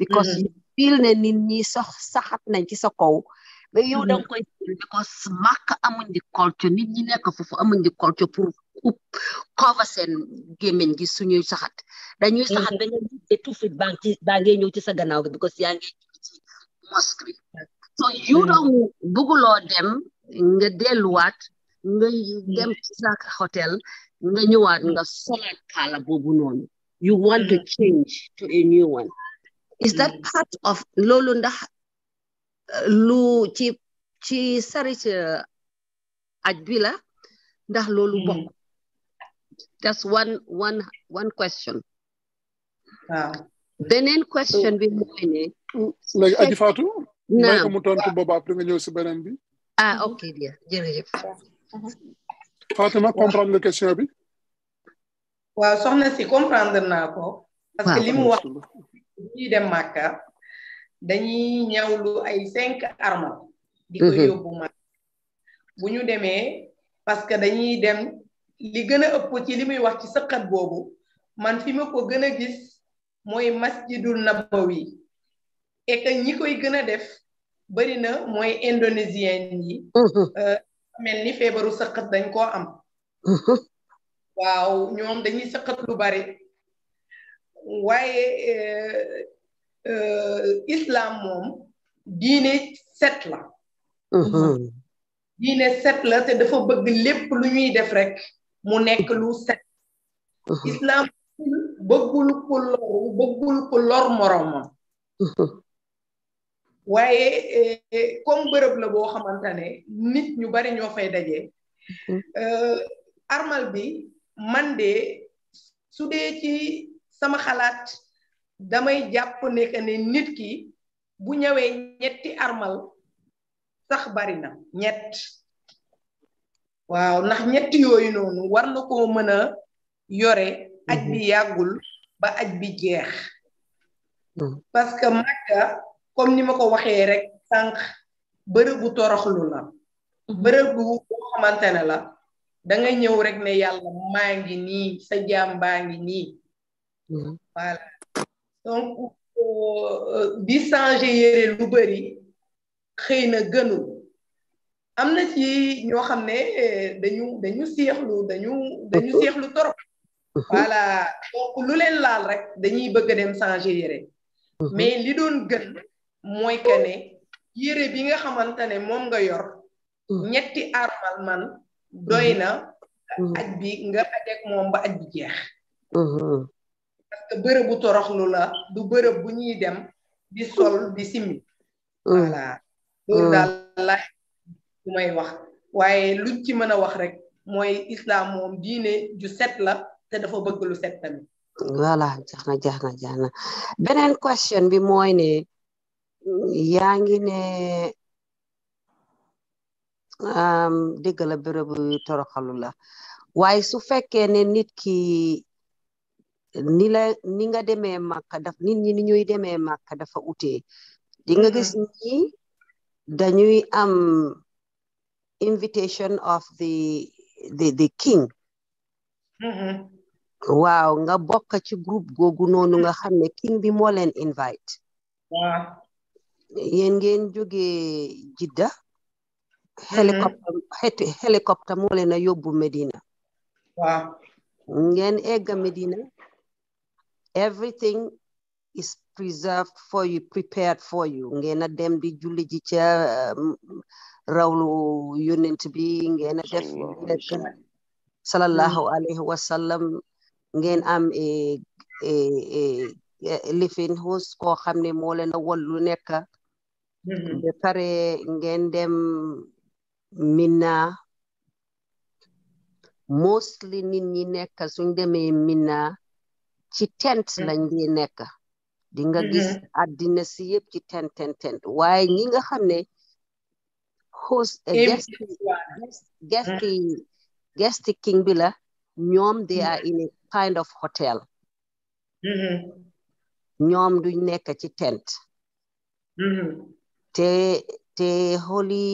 because mm-hmm. you feel nit ñi sax saxat na ci sa kaw ba yow danga because Màkka amuñ di culture nit ñi nekk foofu amuñ di culture pour up seen gémmiñ gi suñuy saxat dañuy saxat ba mm-hmm. nga gis ne tuufit baa ngi ci baa ngi ñëw ci sa gannaaw gi because yaa ngi ci mosque bi so you mm-hmm. don't bugguloo dem nga delluwaat nga dem mm-hmm. ci sa hotel nga ñëwaat nga solaat kaala boobu noonu you want to change to a new one is that part of loolu ndax uh, lu ci ci sarit aj bi la ndax loolu bokk Just one one one question. ah. benen question bi mooy ne. léegi Aji Fatou. naam ko mu tontu boba après nga ñëw ci benen bi. ah ok bien jërëjëf. Fatou ma comprendre nga question bi. wa soxna si comprendre na ko. parce que limu wax ñi dem makka dañuy ñawlu ay 5 armes. di ko mm-hmm. yóbbu Màkka bu ñu demee parce que dañuy dem li gën a ëpp ci li muy wax ci sëqat boobu man fi ma ko gën a gis mooy masjidul nabawi et que ñi koy gën a def bari na mooy indonésien yi mm-hmm. euh, mel ni feebaru sëqat dañ koo am mm-hmm. waaw ñoom dañuy sëqat lu bari waaye euh, euh, islam moom diine set la mm-hmm. diine set la te dafa bëgg lépp lu ñuy def rek mu nekk lu set uh-huh. islam bëggul ko lor bëggul ko lor morom waaye eh, eh, comme bërëb la bo xamantane nit ñu bari ño fay euh armal bi man dé su dee ci sama xalaat damay japp ne nit ki bu ñetti armal sax bari na ñett waaw ndax ñett yooyu noonu war na koo mën a yore mhm. aj bi yàggul ba aj bi jeex mhm. parce que Makka comme ni ma ko waxee rek sànq bërëb bu toroxlu la mhm. bërëb bu boo ne la da nga ñëw rek ne yàlla maa ngi nii sa jaam baa ngi nii voilà donc bi euh, changer yére lu bari xëy na gënul am na ci ñoo xam ne eh, dañu dañu seexlu dañu dañu uh-huh. seexlu torop uh-huh. voilà donc lu laal rek dañuy bëgg a dem yére uh-huh. mais li doon gën mooy que ne yére bi nga xamante ne moom nga yor ñetti armal man na bi nga ajeeg moom ba aj bi jeex parce que bërëb bu toroxlu la du bërëb bu ñuy dem di sol di simmi voilà loolu daal la bu may wax waye luñ ci mën wax rek moy islam mom diine ju set la te dafa bëgg lu set tamit voilà jaxna jaxna jaxna benen question bi moy ne yaangi ne um, dégg la bérébu toroxalu la waye su fekke ne nit ki ni la ni nga démé màkka daf nit ñi ni ñuy démé màkka dafa utee di nga mm-hmm. gis ni dañuy am invitation of the the, the king mm-hmm. Wow, nga bokk ci groupe googu noonu nga xam king bi moo leen invite waaw yéen ngeen jógee Jidda hélicoptère mm-hmm. xeeti hélicoptère moo leen a yóbbu Medina Wow, ngeen egga Medina everything is preserved for you prepared for you ngeen a dem di julli ji ca rawlu yonent bi ngeen a def nekk sallallahu alayhi wa hmm. ngeen am e, e, e, lifin xus koo xam ne moo leen a wallu nekk hmm. pare ngeen dem Mina mostly nit ñi nekk suñ demee Mina ci tent hmm. lañ di nekk di nga gis àddina si ci tent tent tent waaye ñi nga xam ne host guest hmm. guest king bi la ñoom they hmm. are in a kind of hotel mm-hmm. ñoom duñ nekk ci tent mm-hmm. te te holy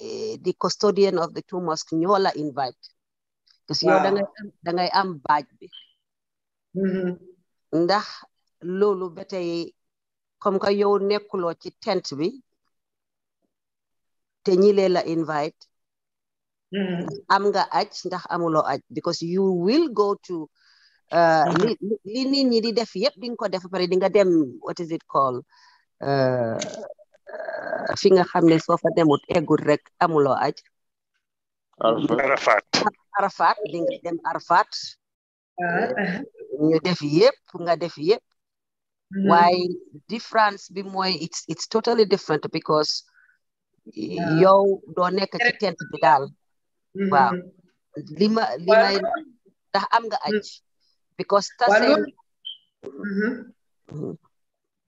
eh, the custodian of the two mosque ñoo invite parce que yow dangay am baaj bi mm-hmm. ndax loolu ba tey yow nekkuloo ci tent bi te ñile la invite hmm. am nga aj ndax amulo aj because you will go to uh, hmm. li li nit ñi di def yépp di nga ko def pare di nga dem what is it called uh, uh, fi nga xam ne soo fa demut eggut rek amulo aj arafat arafat di nga dem arafat ñu def yépp nga def yépp hmm. waaye difference bi mooy it's it's totally different because yow doo nekk ci tent bi daal mm-hmm. waaw li ma ndax am nga aj mm-hmm. because tase mm-hmm.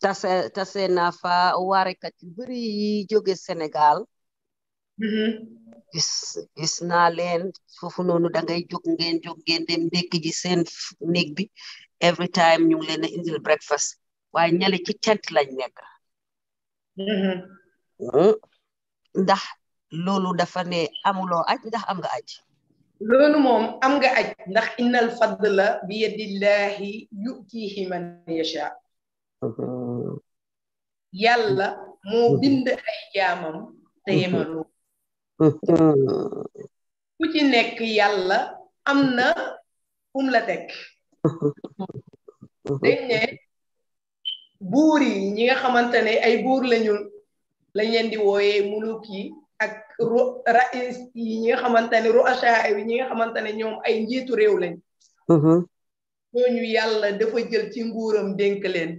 tase tase naa fa waarekat yu bëri yi jóge Sénégal gis gis naa leen foofu noonu dangay jóg ngeen jóg ngeen ji seen néeg bi every time ñu ngi leen a indil breakfast waaye ñale ci tent lañ nekk ndax loolu dafa ne amuloo aj ndax am nga aj loolu moom am nga aj ndax innal fadla bi yadillahi yutihi man yasha mhm. yàlla moo mhm. bind ay jaamam te mhm. yemaloo ku ci nekk yàlla am na fum la teg dañ ne buur ñi nga xamante ne ay buur lañu la leen di wooyee muluk yi ak ru rais yi ñi nga xamante ne ruacha ñi nga xamante ne ñoom ay njiitu réew lañ mm-hmm. ñooñu yàlla dafa jël ci nguuram dénk leen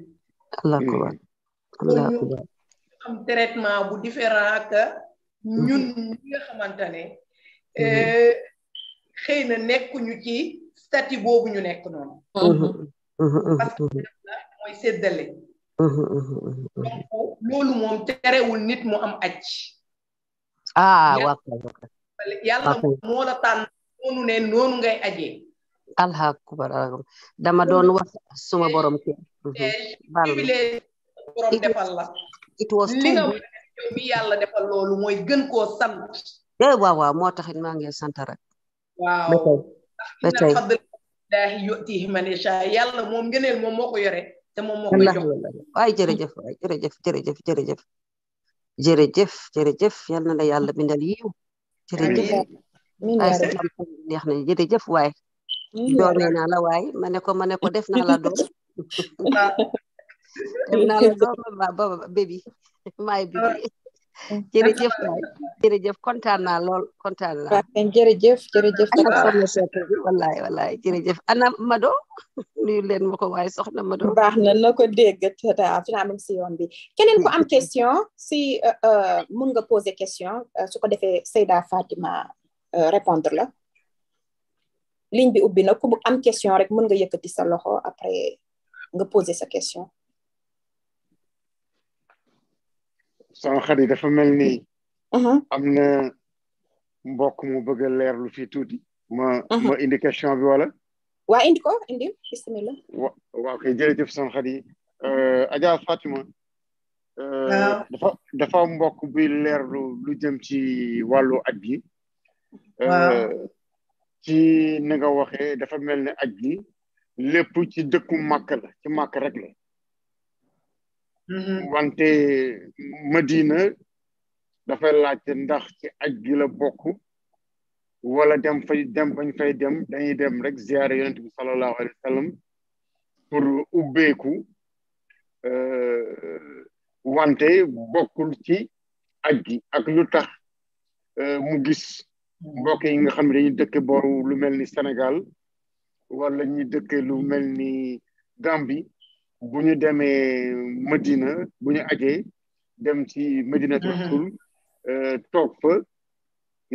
allah akbar allah akbar am traitement bu différent ak ñun mm-hmm. ñi nga xamante ne mm-hmm. eh, xëy na nekkuñu ci statut boobu ñu nekk noonu parce que mooy séddale loolu moom terewul nit mu am aj ah waaw yàlla moo la tànn noonu ne noonu ngay ajee alha kubar dama doon wax suma borom ke privilège borom defal la li nga mi yàlla defal loolu mooy gën koo sant eh waaw moo taxit maa ngi sant rek waaw ba tey ba moom ngëneel moom moo ko yore te moom moo koy jox waay jërëjëf waay jërëjëf jërëjëf jërëjëf jërëjëf jërëjëf yal na la yàlla bindal yiw jërëjëf ay sa xam neex na jërëjëf waay doomee naa la waay ma ne ko ma ne ko def naa la doom def doom booba bébi maay bébi Mm. jërëjëf jërëjëf kontaan naa lool kontaan naa. jërëjëf jërëjëf. ana soxna Seck wallaay wallaay jërëjëf ana Mado nuyu leen ma ko waaye soxna Mado. baax na na ko dégg tata dina am si yoon bi keneen ku am question si euh, euh, mun nga poser question euh, su ko defee Seyda Fatima répondre la ligne bi ubbi na ku am question rek mun nga yëkkati sa loxo après nga poser sa question. sama xarit yi dafa mel ni. Uh-huh. am mbokk mu bëgg a leerlu fii tuuti. ma uh-huh. ma question bi wala. waa indi ko indi bisimilah. wa waaw kay jërëjëf sama xarit yi. Euh, Adja Fatima. Euh, ah. dafa dafa mbokk bi leerlu lu jëm ci wàllu aj gi. Euh, ci ni nga dafa mel ne aj gi lépp ci dëkku màkk la ci màkk rek Mm-hmm. wante Madina dafay laajte ndax ci aj gila bokk wala dem fay dem bañ fay dem dañuy dem rek ziyaare yonent bi sallallahu alayhi wa pour ubbeeku euh, wante bokkul ci aj gi ak lu tax euh, mu gis mbokk yi nga xam ne dañuy dëkke booru lu mel ni senegal wala ñuy dëkke lu mel ni Gambie bu ñu demee Medina bu ñu ajee dem ci Medinatul mhm. Rasul euh, toog fa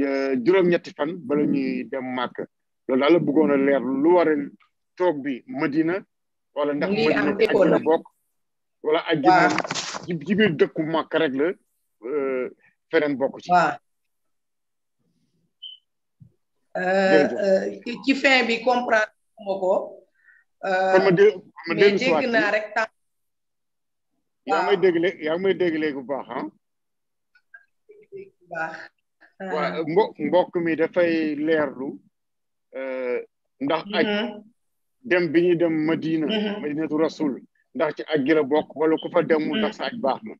euh, juróom-ñetti fan bala ñuy dem màkk loolu daal la bëggoon a leer lu waral toog bi Medina wala ndax Medina ci la bokk wala aj ji ci biir dëkku màkk rek la euh, feneen bokk ci ci bi comprendre ma ko Euh, ma dé ma dellu si waat yaa may dégg yaa may dégg bu baax ah. Euh. mbokk mi dafay leerlu euh, ndax aj mm-hmm. dem bi ñuy dem Madina mm-hmm. Madinatu Rasul ndax ci aj gira bokk wala ku fa demul ndax sa aj mm-hmm. baax na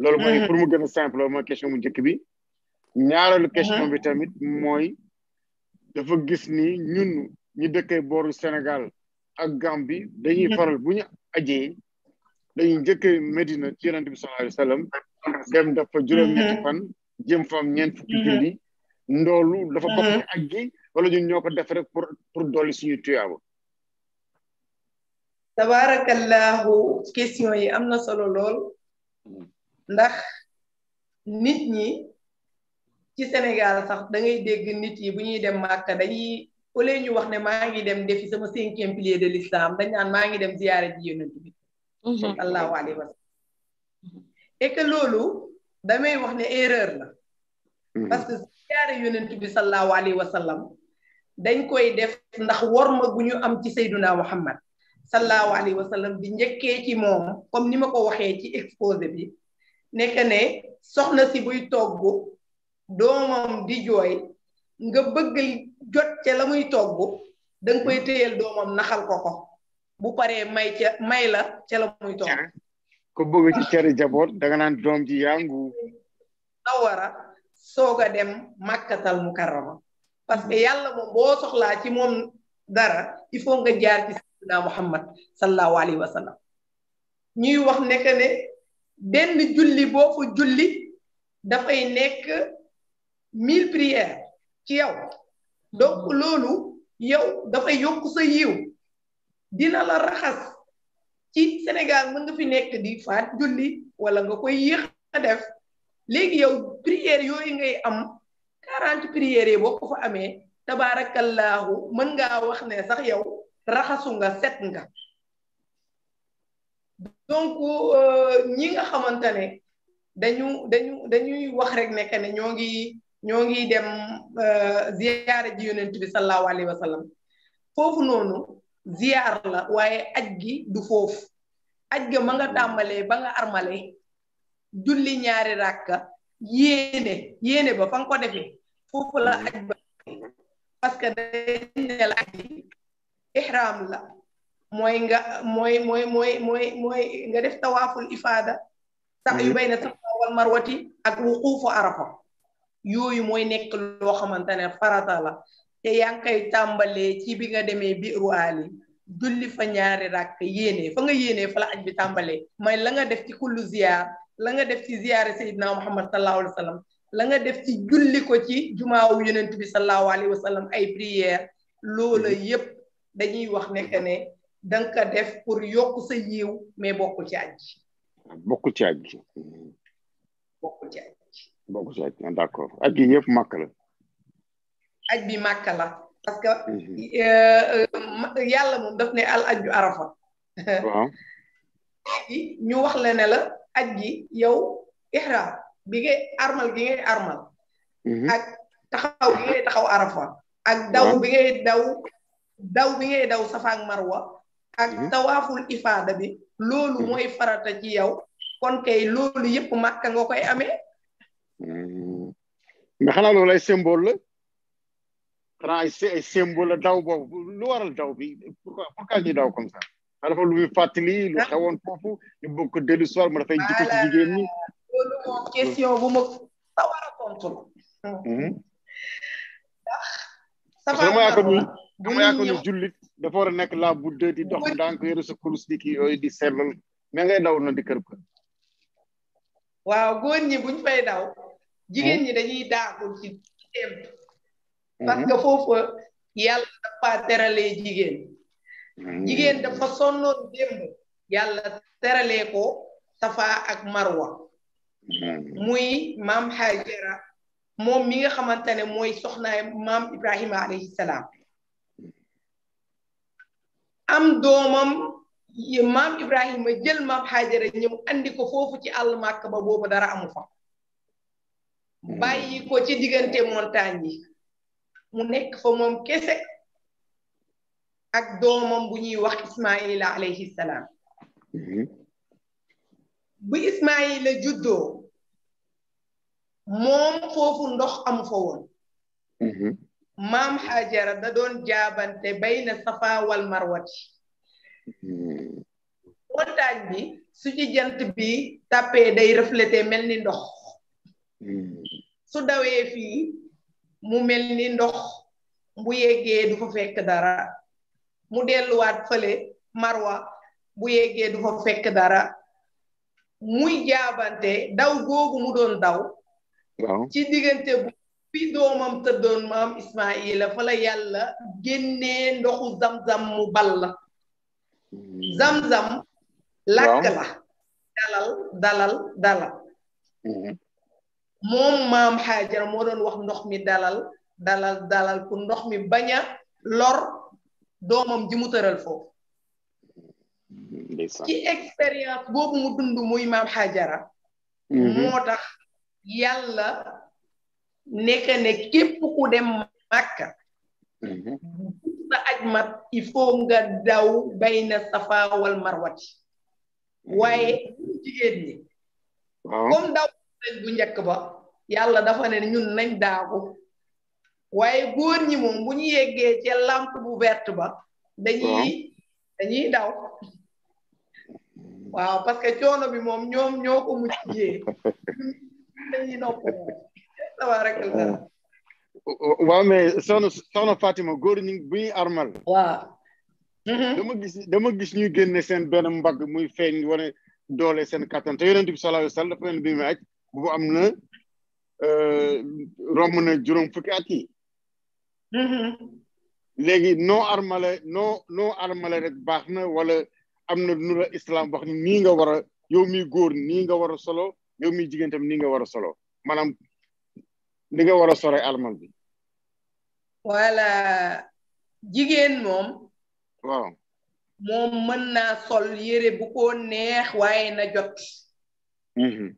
loolu mooy pour mu gën a simple question bu njëkk bi ñaareelu question bi tamit mooy dafa gis ni ñun ñi dëkkee booru senegal ak gambi dañuy mm-hmm. faral bu ñu ajee dañuy njëkkee Medina ci yonent bi sallallahu alayhi wa sallam dem dafa juróom-ñetti mm-hmm. fan jëm fam ñeent fukki mm-hmm. julli ndoolu dafa bokk ci aj wala ñun ñoo ko def rek pour pour dolli suñu tuyaaba tabaarakallaahu question yi am na solo lool ndax nit ñi ci Sénégal sax dangay ngay dégg nit yi bu ñuy dem Màkka dañuy كولين يو واخني ماغي ديم ديفي سما 5 بيليه دي الاسلام دا نان ماغي ديم زياره دي يونت بي الله عليه وسلم اي كا لولو دامي واخني ايرور لا باسكو زياره يونت بي صلى الله عليه وسلم دنج كوي ديف ناخ ورما بونيو ام تي سيدنا محمد jot ci lamuy muy dang koy teyel domam naxal ko ko bu pare may ci may la ci lamuy muy ko bëgg ci cere jaboot da nga nan dom ji yangu tawara soga dem makkatal mukarrama parce que yalla moom bo soxla ci mom dara il faut nga jaar ci sayyidina muhammad sallallahu alaihi wasallam. ñuy wax ne ben julli bo fa julli fay nek mil prières ci yow donc mm-hmm. loolu yow dafay yokk sa yiw dina la raxas ci senegal mën nga fi di faat julli wala nga koy yéex def léegi yow prière yooyu ngay am 40 prières yi fa amee tabarakallahu mën ngaa wax ne sax yow raxasu nga set nga donc euh, ñi nga xamantane dañu dañu dañuy wax rek ne ne ñoo ngi dem euh, ziyaara ji yonent bi sallallahu alayhi wa sallam foofu noonu ziyaar la waaye aj gi du foofu aj ga ma nga tàmbalee ba nga armale julli ñaari ràkka yéene yéene ba fa nga ko defee foofu la aj ba parce que dañ ne la aj yi la mooy nga mooy mooy mooy mooy mooy nga def tawaaful ifaada sax yu bay na marwati ak wuquufu arafa yooyu mooy nekk loo xamante ne farata la te yaa ngi koy tàmbalee ci bi nga demee biiru aali julli fa ñaari rakk yéene fa nga yéene fa aj bi tàmbalee may la nga def ci kullu ziyaar la nga def ci ziyaare sayidina muhammad sallallahu alayhi wa sallam la nga def ci julli ko ci jumaawu yonent bi sallallahu alayhi wa sallam ay prière loola yépp dañuy wax nekk ne danga ko def pour yokk sa yiw mais bokkul ci aj bokkul ci aj bokk si aj d'accord aj gi yëpp màkk la aj bi màkk parce que mhm. euh, euh, yàlla moom daf ne al ajju arafa waaw ñu wax la ne la aj bi ngay armal ngay armal mhm. ak taxaw ngay taxaw arafa ak daw bi ngay daw daw bi ngay daw safa marwa ak mhm. tawaaful ifaada bi loolu mooy farata ci yow kon kay loolu yëpp màkk nga koy amee Mm. mais xanaa loolu symbole la xanaa symbole la daw boobu lu waral daw bi pourquoi pourquoi ñuy daw comme ça xanaa lu muy lu xewoon foofu ñu bëgg ko dellu soir mu dafay jikko ci jigéen ñi. loolu moom question bu ma sa war a tontu. sama mm-hmm. dama yaakaar ni a nekk la bu dee di dox ndànk yore sa kurus di kii yooyu di sellal mais na di kër waaw góor ñi buñ fay daw jigéen hmm. ñi dañuy daagu ci teem hmm. parce foofu yàlla dafa teralee jigéen hmm. jigéen dafa sonnoon démb yàlla teralee ko safa ak marwa muy maam hajara moom mi nga xamante ne mooy soxnaay maam ibrahima alayhi am doomam maam Ibrahima jël maam Hajara ñëw andi ko foofu ci àll màkk ba boobu dara amu fa hmm. bàyyi ko ci diggante montagne yi mu nekk fa moom kese ak doomam bu ñuy wax Ismaila alayhi salaam hmm. bu juddoo moom foofu ndox amu fa woon hmm. maam Hajara da doon jaabante bayna safa wal marwati montagne bi su ci jant bi tàppee day reflété mel ni ndox su dawee fii mu mel ni ndox bu yeggee du fa fekk dara mu delluwaat fële marwa bu yeggee du fa fekk dara muy jaabante daw googu mu doon daw ci diggante bu fi doomam tëddoon maam Ismaila fa la yàlla génnee ndoxu zam-zam mu ball zam-zam làkk la dalal dalal dalal mm-hmm. moom maam xaajara moo doon wax ndox mi dalal dalal dalal ku ndox mi bañ a lor doomam ji mu tëral foofu ci expérience boobu mu dund muy mam xaajara mm-hmm. moo tax yàlla nekk ne képp ku dem màkka mm-hmm. sa aj mat nga daw bayna safa wal marwati waaye jigéen ñi comme daw bu njëkk ba yàlla dafa ne ñun nañ daagu waaye góor ñi moom bu ñu yeggee ci lampe bu verte ba dañuy dañuy daw waaw parce que coono bi moom ñoom ñoo ko mujjee dañuy nopp sawa rek la waaw mais soxna soxna Fatima góor ñi bu ñuy armal. waaw. Mm-hmm. dama gis dama gis ñuy génne seen benn mbagg muy feeñ wane doole seen kattan te yonent bi sallallahu alayhi wasallam dafa leen bi aj bu am na euh, romb na juróom fukki at yi. Mm-hmm. léegi noo armale noo noo armale rek baax na wala am na nu la islam wax ni nii nga war a yow miy góor nii nga war a solo yow miy jigéen tam nii nga war a solo maanaam li nga war a sore bi wala jigéen moom waaw moom mën naa sol yére bu ko neex waaye na jot mm-hmm.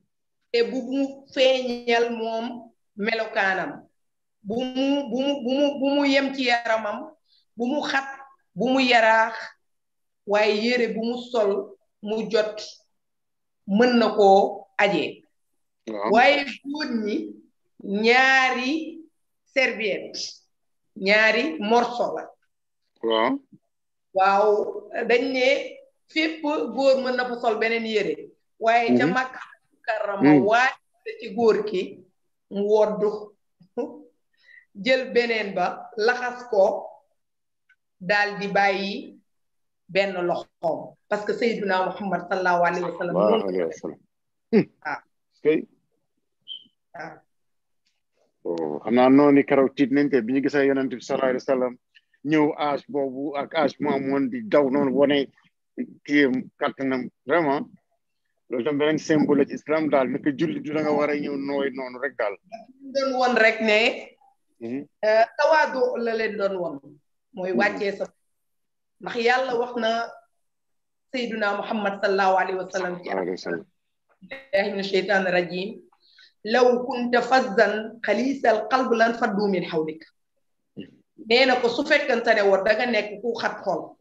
te bu mu feeñal moom melokaanam bu mu bu mu bu mu bu ci yaramam bu mu xat bu mu yaraax waaye yére bu mu sol mu jot mën na koo aje waaye góor ñaari serviette ñaari morceau la waaw dañ ne fépp góor mën na fa sol beneen yére waaye ca mhm. makka karama mhm. waajib ci góor ki mu woddu jël beneen ba laxas ko dal di bàyyi benn loxoom parce que sayyiduna muhammad sallallahu alayhi wa sallam Oh, xam naa noonu karaw tiit nañ te bi ñu gisee yonent bi sallallahu alayhi wa sallam ñëw boobu ak âge mu amoon daw noonu wane kiyam kattanam vraiment loolu tam beneen symbole la ci islam daal ni ko jullit du nga war a ñëw noonu rek daal. doon woon rek ne. Mhm. Euh, tawaadu la leen doon woon. mooy wàccee sa ndax yàlla wax na sayyiduna muhammad sallallahu alayhi wa sallam. wa rahmatulah. لو كنت فزا خليس القلب لن فدو من حولك نينا كو سوفيك كنت انا وداغا نيكو كو خات خول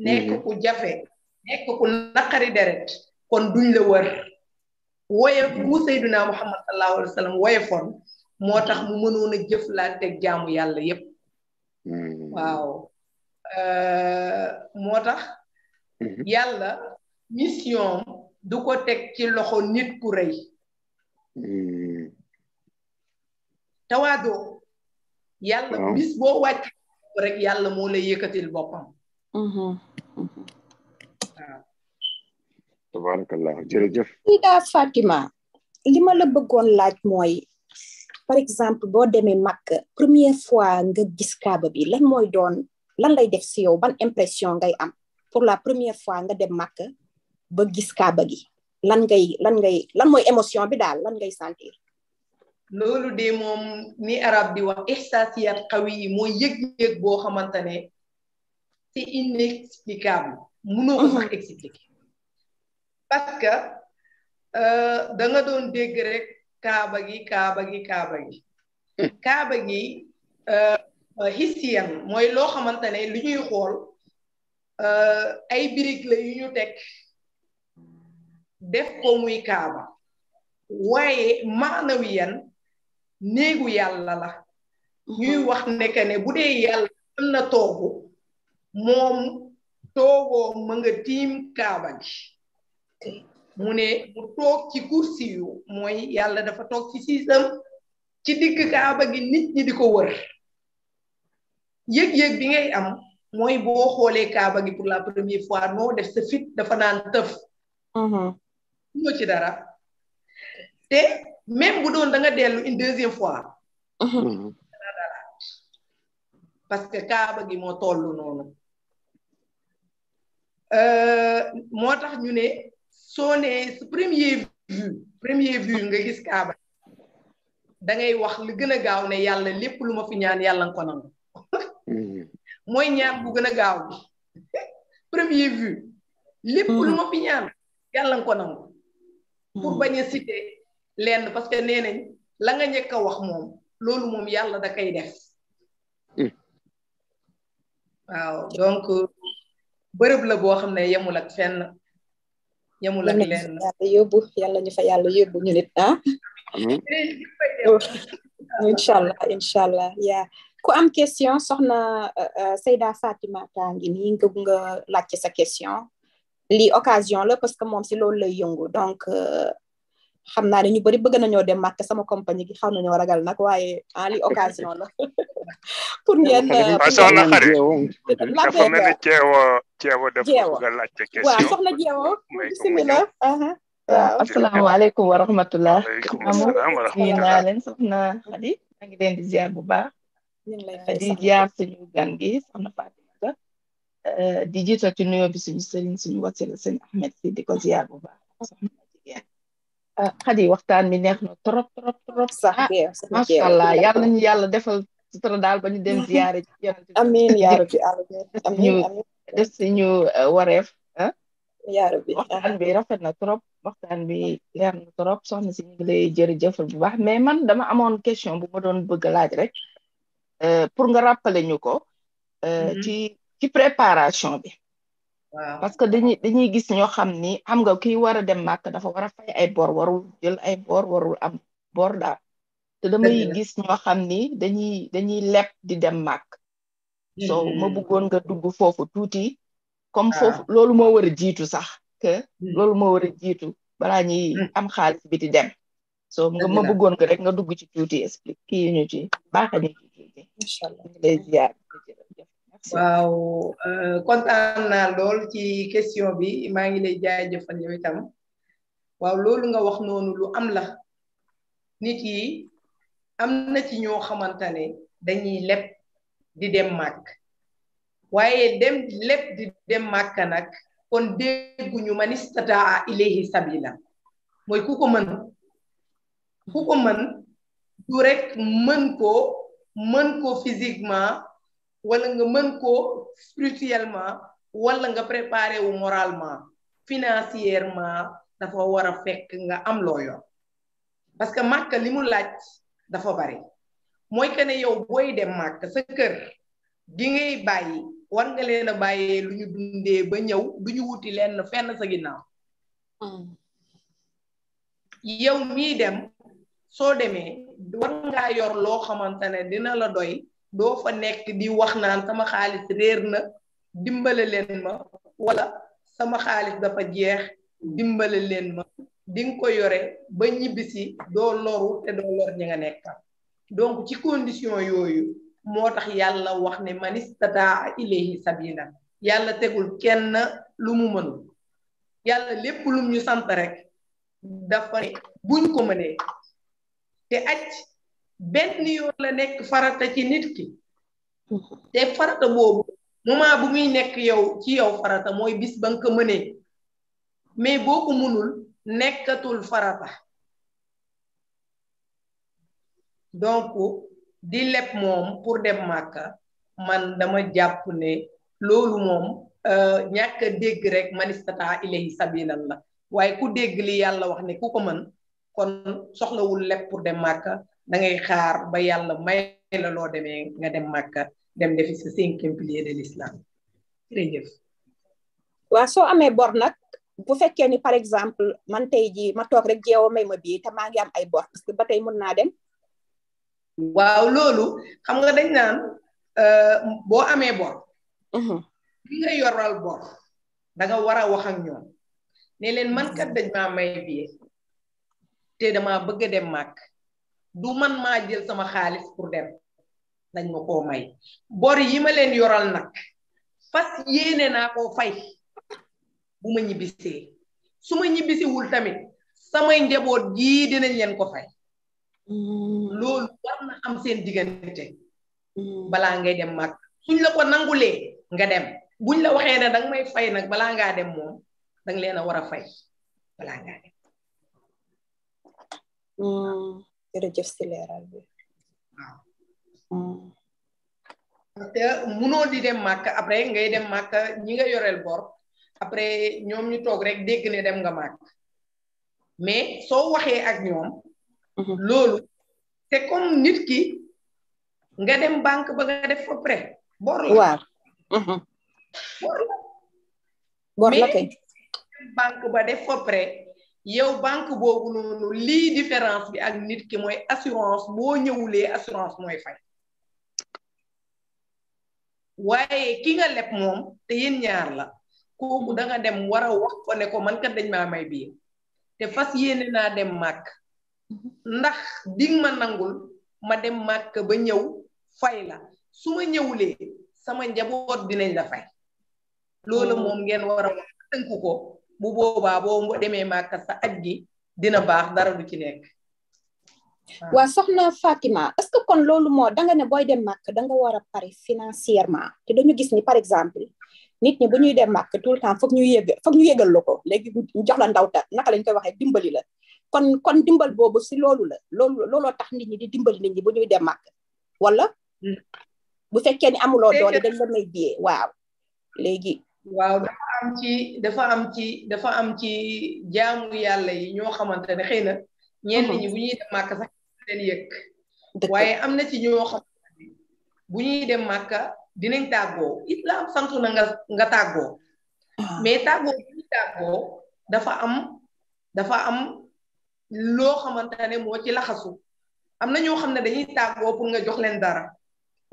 نيكو كو جافي نيكو كو نقري ديريت كون دون لا وور وي بو سيدنا محمد صلى الله عليه وسلم وي فون موتاخ مو منونا جيف لانتك جامو يالا ييب واو ا آه، موتاخ يالا ميسيون دوكو تك سي لوخو نيت كو ري tawaadoo yàlla bis boo wàcc rek yàlla moo lay yëkkatil boppam mm-hmm. Mm-hmm. waaw tabaarakallah jërëjëf i daa Fatima li ma la bëggoon laaj mooy par exemple boo demee màkk première fois nga gis kaaba bi lan mooy doon lan lay def si yow ban impression ngay am pour la première fois nga dem màkk ba gis kaaba gi lan ngay lan ngay lan mooy émotion bi daal lan ngay sentir loolu de moom ni arab di wax ihsaasiyat xawi yi mooy yëg-yëg boo xamante ne c'est inexplicable mënoo ko sax mhm. expliquer parce euh, doon dégg rek kaaba gi kaaba gi kaaba gi hmm. kaaba gi euh, hisiyan mooy loo xamante ne lu ñuy xool euh, ay birig la yu ñu teg def ko muy kaaba waaye maanawiyan néegu yàlla la mhm. ñuy wax ne que ne bu dee yàlla am na toogu moom toogoo manga nga tiim kaaba gi mu ne mu toog ci kursi yu mooy yàlla dafa toog ci siisam ci digg kaaba gi nit ñi di ko wër yëg-yëg bi ngay am mooy boo xoolee kaaba gi pour la première fois noo def sa fit dafa naan tëf ñoo mhm. ci dara te même bu doon da nga dellu une deuxième fois. Mhm. Mhm. parce que kaaba gi moo toll noonu. Euh, moo tax ñu ne soo nee premier premier vue nga gis kaaba da wax lu gën a gaaw ne yàlla lépp lu ma fi ñaan yàlla ko nangu. Mhm. mooy ñaan bu gën a gaaw bi premier vue. lépp lu ma fi ñaan pour bañ a lenn parce que nee nañ la njëkk a wax moom loolu moom yàlla da koy def hmm. waaw donc bërëb la boo xam ne yemul ak fenn yemul ak lenn yàlla yóbbu yàlla ñu fa yàlla yóbbu ñu ah oh. incha allah ya allah ku am question soxna na euh, euh, Fatima taa ngi nii nga nga laajte sa question li occasion la parce que moom si loolu lay yëngu donc euh, xam naa ne ñu bari bëgg nañoo dem màkk sama compagnie gi xaw nañoo ragal nag waaye ah li occasion la pour ngeen. Euh, ah, soxna xarit dafa mel ni naa leen Xadi maa ngi leen di ziar bu baax. di ziar suñu gan gi soxna Fatimata euh, di jiital ci nuyoo bi suñu sëriñ suñu Ahmed si di ko ziar bu baax. xadi waxtaan mi neex na trop trop trop sax ah, macha allah yàlla nañu yàlla defal sutura daal ba ñu dem ziyaare ci yonent amiin yaa rabbi ñu def suñu uh, wareef ah. yaa rabbi waxtaan bi rafet na trop waxtaan bi leer na trop soxna si ñu ngi lay jërëjëfal bu baax mais man dama amoon question bu ma doon bëgg laaj rek euh, pour nga rappeler ñu ko euh, mm-hmm. ci ci préparation bi waaw parce que dañuy dañuy gis ñoo xam ni am nga kii war a dem màkk dafa war a fay ay bor warul jël ay bor warul am bor daal te damay gis ñoo xam ni dañuy dañuy lepp di dem màkk so mm-hmm. ma bëggoon nga dugg foofu tuuti comme foofu loolu moo war a jiitu sax que mm. loolu moo war a jiitu balaa ñuy mm. am xaalis biti dem so nga ma bëggoon nga rek dugg ci tuuti explique kii ñu ci ba ñu ci tuuti incha allah waaw euh, kontaan lool ci question bi maa ngi lay jaajëfal yow itam waaw loolu nga wax noonu lu am la nit yi am na ci ñoo xamante ne dañuy leb di dem màkk waaye dem leb di dem màkk nag kon dégguñu man istataa ilayhi sabila mooy ku ko mën ku ko mën du rek mën ko mën ko physiquement wala nga mën koo spirituellement wala nga préparer wu moralement financièrement dafa war a fekk nga am loo yor parce que màkk li mu laaj dafa bari mooy que ne yow booy dem màkk sa kër gi ngay bàyyi war nga leen a bàyyee lu ñu dundee ba ñëw du ñu wuti leen fenn sa ginnaaw mm. yow mii dem soo demee war ngaa yor loo xamante ne dina la doy doo fa nekk di wax naan sama xaalis réer na dimbale leen ma wala sama xaalis dafa jeex dimbale leen ma di ko yore ba ñibbisi doo loru te doo lor ñi nga nekkal donc ci condition yooyu moo tax yàlla wax ne man istataa ilayhi sabila yàlla tegul kenn lu mu mënul yàlla lépp lum ñu sant rek dafa ne buñ ko mënee te aj benn yoon la nekk farata ci nit ki mhm. te farata boobu moment bu muy nekk yow ci yow farata mooy bis ba nga ko mënee mais boo ko munul nekkatul farata donc di leb moom pour dem màkka man dama jàpp ne loolu moom euh, ñàkk a dégg rek manistata ilayhi sabilan la waaye ku dégg li yàlla wax ne ku ko mën kon soxlawul leb pour dem màkka da ngay xaar ba yàlla may la loo demee nga dem màkka dem defi sa cinquième pilier de l'islam jërëjëf waaw soo amee bor nag bu fekkee ni par exemple man tey jii ma toog rek jeewo may ma bii te maa ngi am ay bor parce que ba tey mun naa dem waaw loolu xam nga dañ naan euh, boo amee bor bi mhm. nga yoral bor danga war a wax ak ñoom ne leen man kat dañ ma may bii te dama bëgg a dem màkk du man ma jël sama xaalis pour dem dañ ma koo may bor yi ma leen yoral nag fas yéene naa koo fay bu ma ñibbisee su ma ñibbisiwul tamit samay njaboot gii dinañ leen ko fay mm. loolu war na am seen diggante mm. balaa ngay dem mag suñ la ko nangulee nga dem buñ la waxee ne danga may fay nag balaa ngaa dem moom danga leen a war a fay balaa jërëjëf si leeral bi waaw di dem màkk après ngay dem màkk ñi nga yorel bor après ñoom ñu toog rek dégg ne dem nga màkk mais soo waxee ak ñoom mm-hmm. loolu te comme nit ki nga dem banque ba nga def fa prêt bor la waaw mm-hmm. bor la banque ba def fa yow banque boobu noonu lii différence bi ak nit ki mooy assurance moo ñëwulee assurance mooy fay waaye ki nga leb moom te yéen ñaar la kooku danga dem war a wax ko ne ko man kat dañ maa may bii te fas yéene naa dem màkk ndax ding ma nangul ma dem màkk ba ñëw fay la su ma ñëwulee sama njaboot dinañ la fay loolu oh. moom ngeen war wax tënku ko bu boobaa boo demee màkka sa aj gi dina baax dara du ci nekk waa soxna Fatima est-ce que kon loolu moo danga ne booy dem màkk danga war a pare financièrement te dañu gis ni par exemple nit ñi bu ñuy dem màkk tout le temps foog ñu yëg foog ñu yëgal la ko léegi ñu jox la ndaw ta naka lañ koy waxee dimbali la kon kon dimbal boobu si loolu la loolu looloo tax nit ñi di dimbali nit ñi bu ñuy dem màkk wala mm. bu fekkee ni amuloo doole dañ la may biyee waaw léegi waaw dafa am ci dafa am ci dafa am ci jaamu yàlla yi ñoo xamante ne xëy na. ñenn ñi uh-huh. bu ñuy dem màkk sax yëg. waaye am na ci ñoo xamante bu ñuy dem màkk dinañ tàggoo am santu na nga nga tàggoo. Uh-huh. mais tàggoo bu ñuy tàggoo dafa am dafa am loo xamante ne moo ci laxasu am na ñoo xam ne dañuy tàggoo pour nga jox leen dara.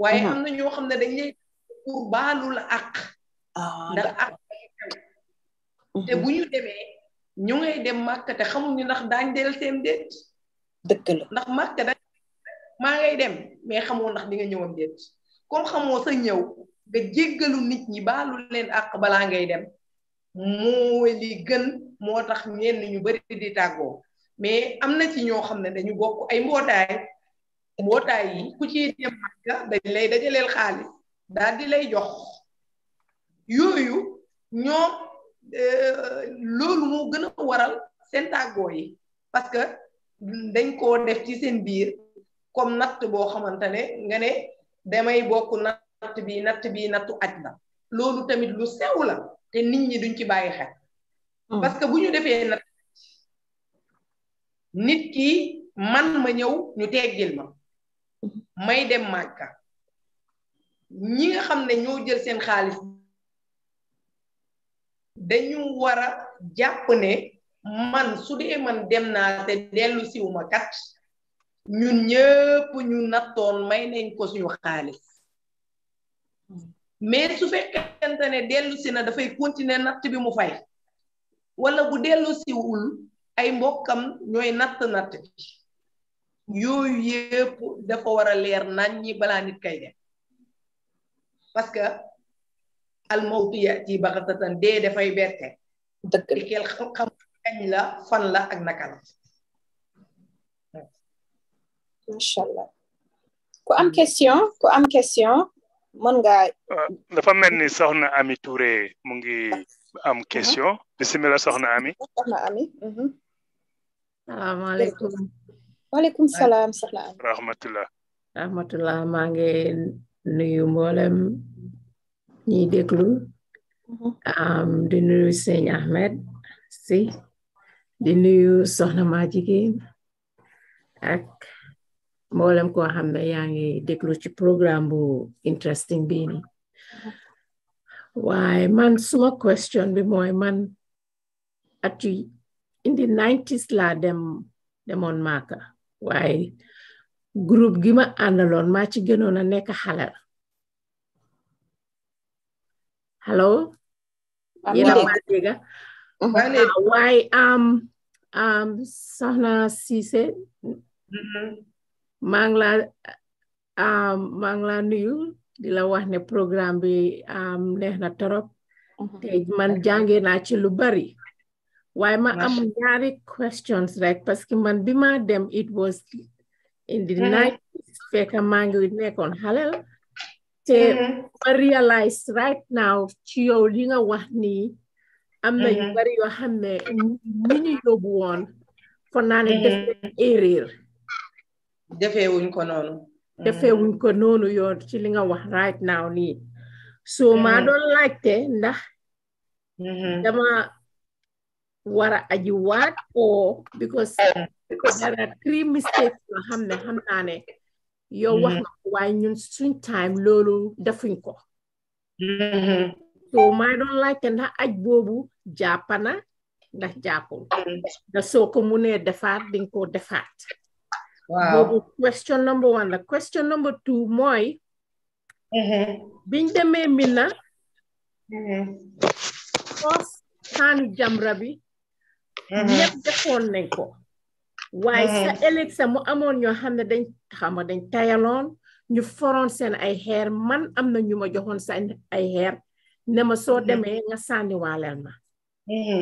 waaye uh-huh. am na ñoo xam ne dañ lay pour baalul àq. Ah, ndax ak mhm. te bu ñu demee ñu ngay dem màkk te xamuñu ndax daañ del seen déet dëkk la ndax màkk dañ maa ngay dem mais xamoo ndax di nga ñëwam déet comme xamoo sa ñëw nga jéggalu nit ñi baalu leen àq balaa ngay dem moo li gën moo tax ñenn ñu bari di tàggoo mais am na ci ñoo xam ne dañu bokk ay mbootaay mbootaay yi ku ci dem màkk dañ lay dajaleel xaalis daal di lay jox yooyu ñoo euh, loolu moo gën a waral seen tàggoo yi parce que dañ koo def ci seen biir comme natt boo xamante ne nga ne damay bokk natt bi natt bi nattu aj la loolu tamit lu sew la te nit ñi duñ ci bàyyi xel mm. parce que bu ñu defee natt nit ki man ma ñëw ñu teggil ma mm. may dem màkka ñi nga xam ne ñoo jël seen xaalis dañu war a jàpp ne man su dee man dem naa te dellu siwuma kat ñun ñëpp ñu nattoon may nañ ko suñu xaalis mais su fekkente ne dellu si na dafay continuer natt bi mu fay wala bu dellu siwul ay mbokkam ñooy natt natt bi yooyu yëpp dafa war a leer nañ ñi balaa nit kay dem parce al mawtu yati baxtatan dee dafay bette dëgg la kel xam-xam kañ la fan la naka la macha allah ku am question ku am question mën nga euh, dafa mel ni soxna Ami Touré mu ngi am question uh-huh. bismillah soxna soxna Ami uh-huh. salaam soxna Ami rahmatullah rahmatullah maa ngi nuyu mboolem ñuy déglu am di nuyu Seigne Ahmed si di nuyu soxna ma jigéen ak mboolem ko xamne yaa ci programme bu interesting bii ni mm-hmm. waaye man suma question bi mooy man at yu indi 90s laa dem demoon maaka waaye groupe gi ma àndaloon maa ci gënoon a nekk xalal Hello? Iya, ya, why Why um ام ام سهنا سيسي Mangla ام um, di la wax ne programme bi am um, neex na torop te mm-hmm. man na ci lu bari ma am ñaari questions rek parce que man bima dem it was in the mm-hmm. night fekk maa ngi nekkoon halal? te ma mm-hmm. realize right now ci yow li nga wax ni am na yu mm-hmm. bari yoo xam ne ni ñu yóbbu woon fo naa ne mm-hmm. defee erreur defee wuñ ko noonu defee wuñ ko noonu yoon ci li nga wax right now nii so maa doon laajte ndax dama war aji wat o because there are three mistakes yoo xam ne xam naa yow wax mm-hmm. na waaye ñun suñ time loolu defuñ ko mm-hmm. so maa doon laajte ndax aj boobu jàppana ndax jàppul mm-hmm. da soo ko munee defaat dinga ko defaat boobu question number one question number two mooy biñ demee Mina first xaanu Jamra bi ñëpp defoon nañ ko waaye sa ëllëg sa mu amoon ñoo xam ne dañ xam dañ tayaloon ñu foroon seen ay xeer man am na ñu ma joxoon seen ay xeer ne ma soo mm-hmm. demee nga sànniwaaleel ma mm-hmm.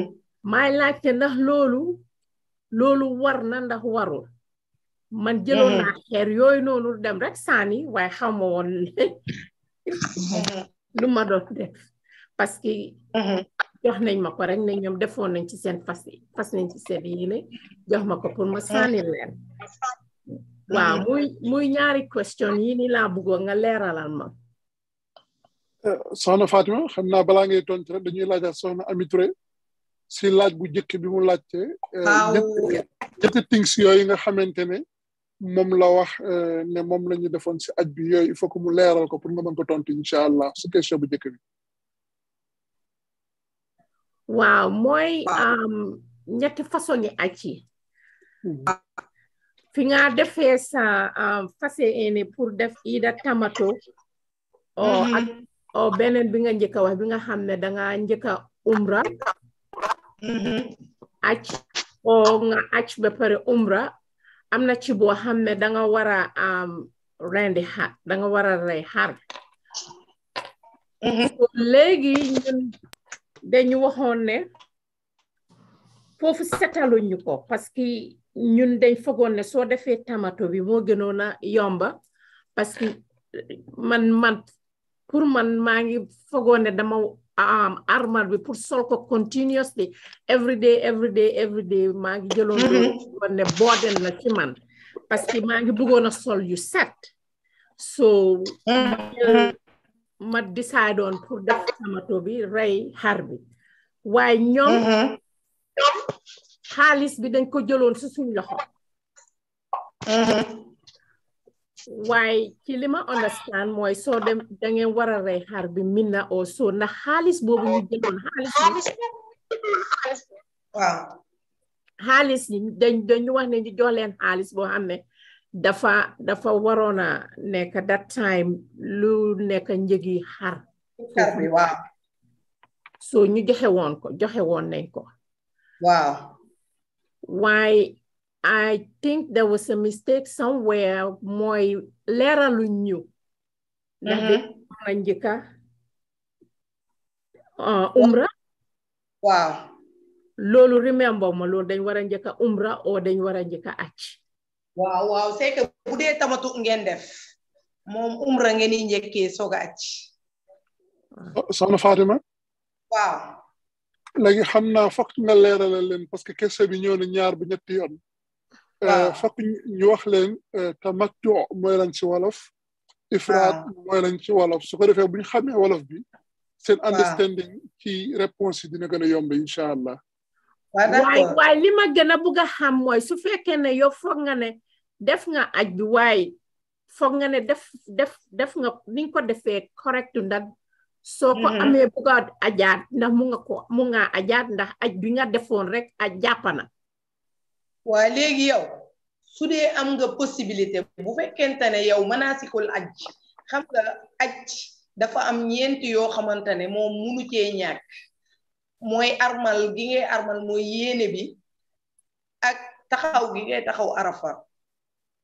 maay laajte ndax loolu loolu war na ndax warul man jëloon mm-hmm. naa xeer yooyu noonu dem rek sànni waaye xaw ma woon lu ma parce que jox nañ ma ko rek ne ñoom defoon nañ ci seen fas yi fas nañ ci seen ne jox ma ko pour ma sànni leen waaw mm-hmm. muy muy ñaari question yi ni laa bëggoon nga leeralal ma eh, soxna fatima xam naa balaa ngay tontu rek dañuy ak soxna ami Touré si laaj bu jëkk bi mu laajte eh, ñetti things yooyu nga xamante ne moom la wax eh, ne moom la ñu defoon si aj bi yooyu il faut que mu leeral ko pour nga mën ko tontu incha allah su question bu jëkk bi waaw mooy ñetti façon yi aci hmm. fi nga defee sa fase ene pour def ida tamato o hmm. ak o beneen bi nga njëkka wax bi nga xam ne danga njëkka umra hmm. ac o nga ac ba pare umra am na ci boo xam ne danga wara rendi xar danga wara rey xar léegi dañu waxoon ne foofu setaluñu ko parce que ñun dañ fogoon ne soo defee tamato bi moo gënoon a yomba parce que euh, man man pour man maa ngi fogoon ne dama am armal bi pour sol ko continuously every day every day every day maa ngi jëloon fogoon mm-hmm. ne booden man parce que maa ngi bëggoon a sol yu set so mm-hmm. ma décide doon pour def tamato bi rey xar bi waaye mm-hmm. ñoom xaalis bi dañ ko jëloon si suñ loxo mm-hmm. waaye ci li ma understand mooy soo dem da ngeen war a rey xar bi min na oo soo ndax xaalis boobu ñu jëloon xaalis waaw xaalis yi dañ dañu wax ne ñu jox leen xaalis boo xam dafa dafa warona a that time lu nekk njëgi har. bi so ñu joxe woon ko joxe woon nañ ko I think there was a mistake somewhere mooy leeraluñ ñu ndax mm-hmm. de na Uh umra Wow. loolu remember ma loolu dañ war a umra o dañ war Wow, wow, c'est que bu dee tamatu ngeen def moom umra ngeen i njëkkee soog oh, a acc soxna fatima waaw léegi xam naa foog nga leerala leen parce que kese bi ñëw na ñaar bu ñetti yoon foog ñu wax leen tamattu mooy lan ci wolof ifraat mooy lan ci wolof su ko defee bu ñu xamee wolof bi seen understanding ci réponse yi dina gën a yomb incha allah waaye waaye li ma gën a xam mooy su fekkee ne yow foog nga ne def nga aj bi foog nga ne def def def nga ni nga ko defee correct ndax soo ko mm-hmm. amee bugg a ajaat ndax mu nga ko mu nga ajaat ndax aj bi nga defoon rek aj jàppana waa léegi yow su dee am nga possibilité bu fekkente ne yow manaasikul aj xam nga aj dafa am ñeenti yoo xamante ne moom munu cee ñàkk mooy armal gi ngay armal mooy yéene bi ak taxaw gi ngay taxaw arafa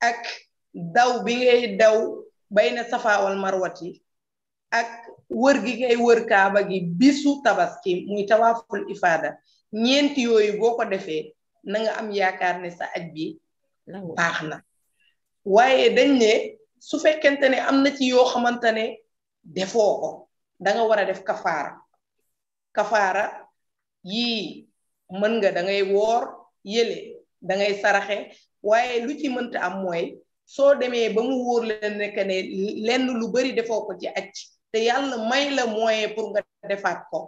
ak daw bi ngay daw bayna safaawal marwati ak wër gi ngay wër kaaba gi bisu tabaski muy tawaaful ifaada ñeent yooyu boo ko defee nanga am yaakaar ne sa aj bi baax na waaye dañ ne su fekkente ne am na ci yoo xamante ne defoo ko danga war a def kafaara kafaara yii mën nga da ngay woor yële da ngay saraxe waaye lu ci mënta am mooy soo demee ba mu wóor la nekk ne lenn lu bari defoo ko ci acc te yàlla may la moyen pour nga defaat ko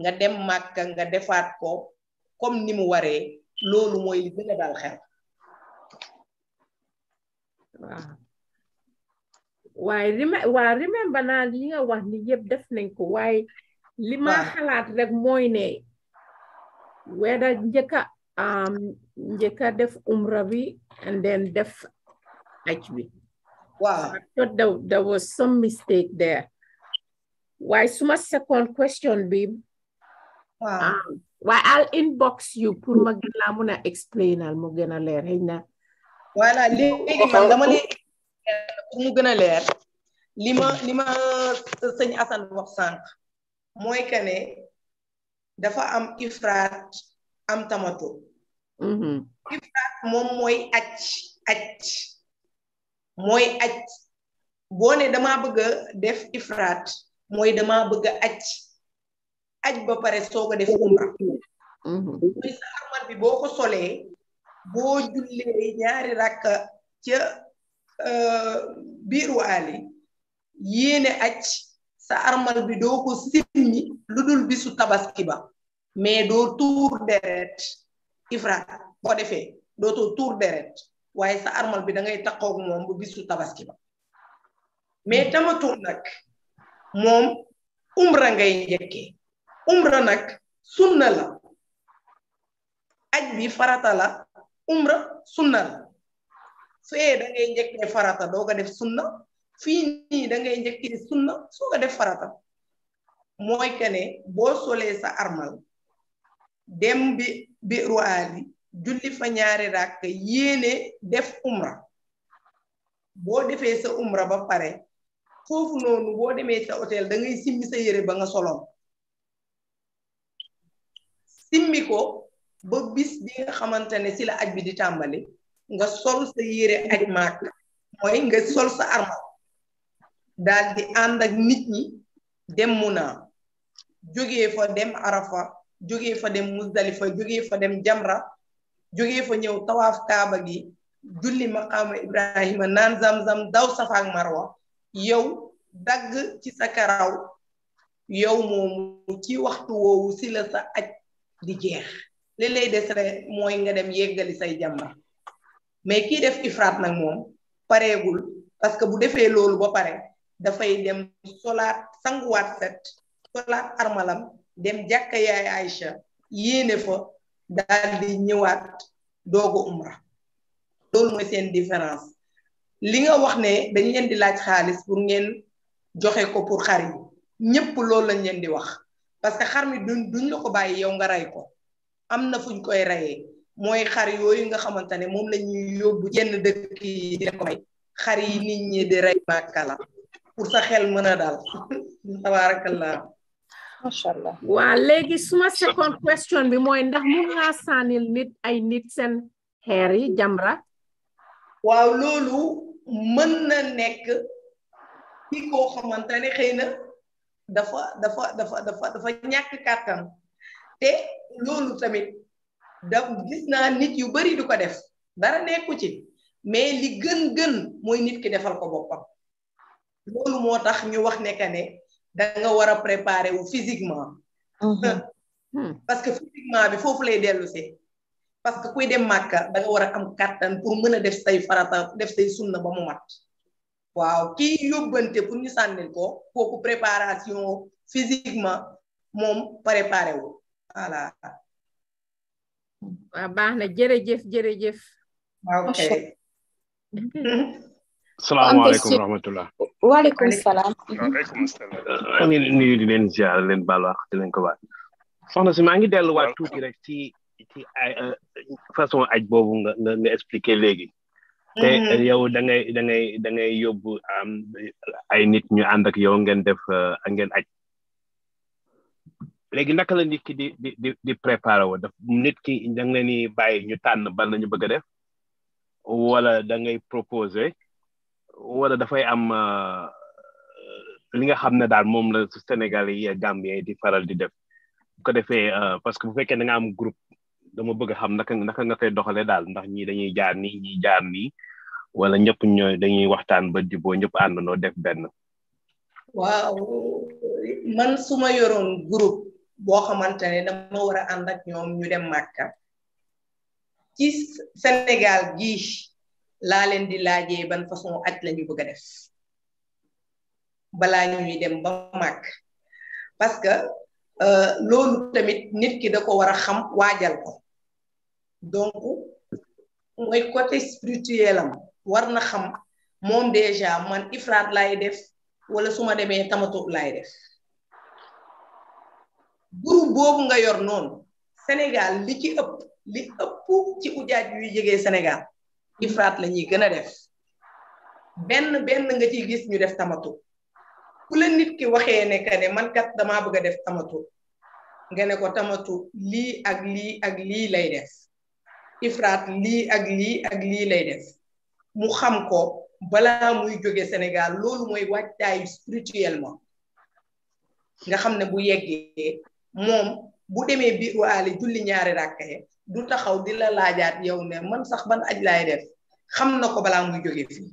nga dem màkka nga defaat ko comme ni mu waree loolu mooy li gën a dal xel waaw waaye remember naa li nga wax ni yëpp def nañ ko waaye lima xalaat rek mooy ne weda njëkka njëkka def umra bi and then def aj bi waaw I thought there was some mistake there waaye suma second question bi waaw um, waaye al inbox you pour ma gën laa mun explainal mu gën a leer xëy na voilà léegi man gën a leer li mooy que ne dafa am ifraat am tamatu mm-hmm. ifraat moom mooy acc acc mooy acc boo dama bëgg a def ifraat mooy dama bëgg a acc aj ba pare soog a def umra mooy mm-hmm. sa bi boo ko solee boo jullee ñaari rakka ca euh, biiru aali yéene acc sa armal bi do ko simmi ludul bisu tabaski ba mais do tour deret ifra defé do to tour deret waye sa armal bi da ngay ak mom bu bisu tabaski ba mais hmm. tour nak mom umra ngay njëkkee umra nak sunna la aj bi farata la umra sunna la da ngay farata do ko def sunna fii nii da ngay sunna soo ko def farata mooy que ne boo solee sa armal dem bi bi ruwaali julli fa ñaari ràkk yéene def umra boo defee sa umra ba pare foofu noonu boo demee sa hôtel da ngay simmi sa yére ba nga soloon simmi ko ba bis bi nga xamante ne si la aj bi di tàmbali nga sol sa yére aj maak mooy nga sol sa armal daal di ànd ak nit ñi dem Muna jógee fa dem Arafa jógee fa dem Muzdalifa jógee fa dem Jamra jógee fa ñëw tawaaf Kaaba gi julli maqaama Ibrahima naan zam-zam daw Safa ak Marwa yow dagg ci sa yow moomu ci waxtu woowu si sa aj di jeex li des rek mooy nga dem yeggali say jamra mais kii def ifraat nag moom pareegul parce que bu defee loolu ba pare dafay dem solaat sanguwaat set solaat armalam dem jàkka yaay Aïcha yéene fa daal di ñëwaat doogu umra loolu mooy seen différence li nga wax ne dañ leen di laaj xaalis pour ngeen joxe ko pour xar yi ñëpp loolu lañ leen di wax parce que xar mi duñ duñ la ko bàyyi yow nga rey ko am na fuñ koy reyee mooy xar yooyu nga xamante ne moom la ñuy yóbbu yenn dëkk yi di ko may xar yi nit ñi rey màkka la pour sa xel mën dal tabarakallah machallah wa legi suma second question bi moy ndax mu nga sanil nit ay nit sen xeer yi jamra wa lolu mën na ki ko xamantani xeyna dafa dafa dafa dafa dafa ñak katan té lolu tamit da gis na nit yu bari du ko def dara nekku ci mais li gën gën moy nit ki defal ko bopam loolu moo tax ñu wax ne que ne da nga war a préparer wu physiquement. Mhm. Hmm. parce que physiquement bi foofu lay dellu si. parce que kuy dem màkka da nga war a am kàttan pour mën a def say farata def say sunna ba mu mat. waaw ki yóbbante pour ñu sànnil ko kooku préparation physiquement moom préparé wu voilà. waaw baax na jërëjëf jërëjëf. salaamaaleykum wa rahmatulah. salaam. waaleykum salaam. maa mhm. ngi nuyu di leen ziar leen baal wax di leen ko baal. si maa ngi delluwaat tuuti rek ci ci ay euh, façon aj boobu nga nga expliqué léegi. te mhm. yow da ngay da yóbbu ay nit ñu ànd ak yow ngeen def euh, ngeen aj. léegi naka la nit ki di di di di préparé woo daf nit ki da nga leen di ñu tànn ban la ñu bëgg a def wala da ngay proposé. wala fay am li nga xamne dal mom la la sénégalais yi gambien di faral di def ko defé parce que bu da nga am groupe dama bëgg xam naka naka nga koy doxalee dal ndax ñi dañuy jaar ni ñi jaar ni wala ñëpp ñoy dañuy waxtaan ba jiboo ñëpp no def ben waaw man suma yoron groupe bo xamantene dama wara and ak ñom ñu dem makka ci sénégal gi laa leen di laajee ban façon at lañu bëgg a def balaa ñuy dem ba màkk parce que euh, loolu tamit nit ki da ko war a xam waajal ko donc mooy côté spirituel am war na xam moom déjà man ifraat lay def wala su ma demee tamatu lay def groupe boobu nga yor noonu Sénégal li ci ëpp li ëpp ci ujaaj yuy jege Sénégal ifraat lañuy ñuy gën a def benn benn nga ci gis ñu def tamatu ku la nit ki waxee ne que ne man kat damaa bëgg a def tamatu nga ne ko tamatu lii ak lii ak lii lay def ifraat lii ak lii ak lii lay def mu xam ko balaa muy jóge Sénégal loolu mooy waajtaayu spirituellement nga xam ne bu yeggee moom bu demee biir waali julli ñaari ràkka ya du taxaw di la laajaat yow ne man sax ban aj laay def xam na ko balaa muy jóge fii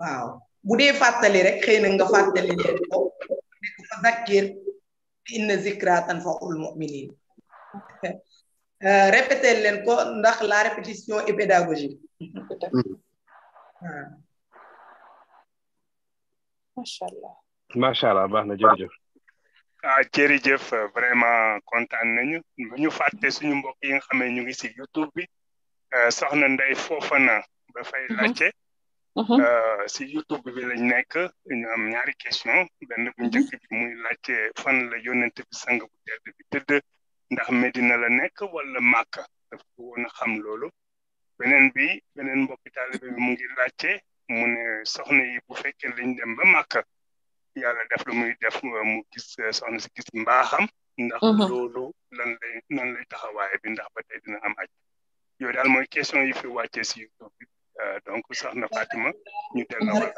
waaw bu dee fàttali rek xëy na nga fàttali leen ko ne ko fa zakkir inna zikra tanfaul muminin répété leen ko ndax la répétition est pédagogique waaw macha allah macha allah baax na jërëjëf ah jërëjëf vraiment kontaan nañu bu ñu fàtte suñu mbokk yi nga xam ne ñu ngi si YouTube bi ah, soxna Ndeye Fofana dafay mm-hmm. laajte. si mm-hmm. ah, YouTube bi lañ nekk ñu am ñaari question benn bu njëkk mm-hmm. bi muy laajte fan la yonent bi sang bu tedd bi tëdd ndax Medina la nekk wala Màkka dafa woon a xam loolu beneen bi beneen mbokki bi mu ngi laajte mu soxna yi bu fekkee lañ dem ba Màkka. yàlla def lu muy def mu gis eh, soxna si gis mbaaxam ndax mhm. loolu lan lay nan lay taxawaay bi ndax ba tey dina am aj yooyu daal mooy question yi fi wàccee si youtube bi eh, donc soxna Fatima ñu delloo wala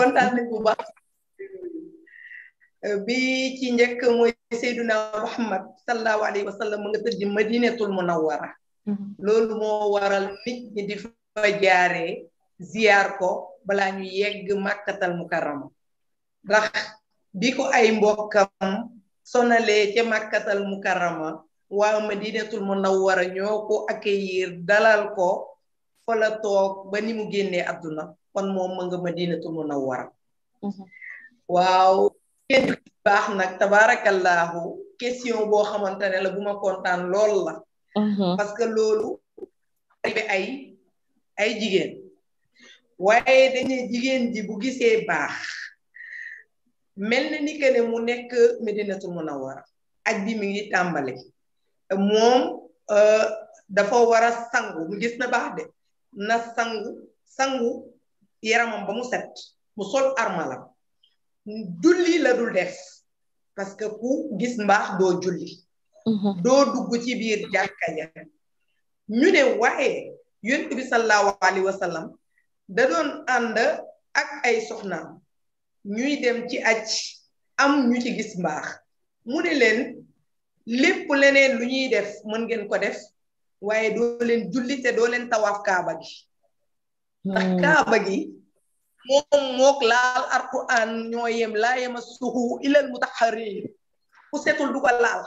kontaan nañ bu baax eh, bi ci njëkk mooy Seyduna Muhammad sallallahu alayhi wasallam sallam nga tëdd madinatul munawwara mhm. loolu moo waral nit ñi di fa jaaree ziar ko balaa ñu yegg màkkatal mukarrama ndax bi ko ay mbokkam sonalee ca màkkatal mukarrama waa madinatul munawwara ñoo ko accueillir dalal ko fa la toog ba ni mu génnee àdduna kon moom ma nga madinatul munawwara mhm. waaw baax nag tabaarakallaahu question boo xamante ne la bu ma kontaan lool la mhm. parce que loolu ay ay jigéen waaye dañuy jigéen ji bu gisee baax mel na ni que ne mu nekk Medinatul Munawwara aj bi mi ngi tàmbale moom euh, dafa war a sangu gis na baax dé na sangu sangu yaramam ba mu set mu sol armalam julli la dul def parce que ku gis mbaax doo julli mm-hmm. doo dugg ci biir jàkka ya ñu ne waaye bi sallallahu alayhi wa da doon ànd ak ay soxnaam ñuy dem ci aj am ñu ci gis mbaax mu ne leen lépp leneen lu ñuy def mën ngeen ko def waaye doo leen julli te doo leen tawaaf kaaba gi ndax hmm. kaaba gi moom mook laal alquran ñoo yem laa yamassuhu ilal mutahharin ku setul du ko laal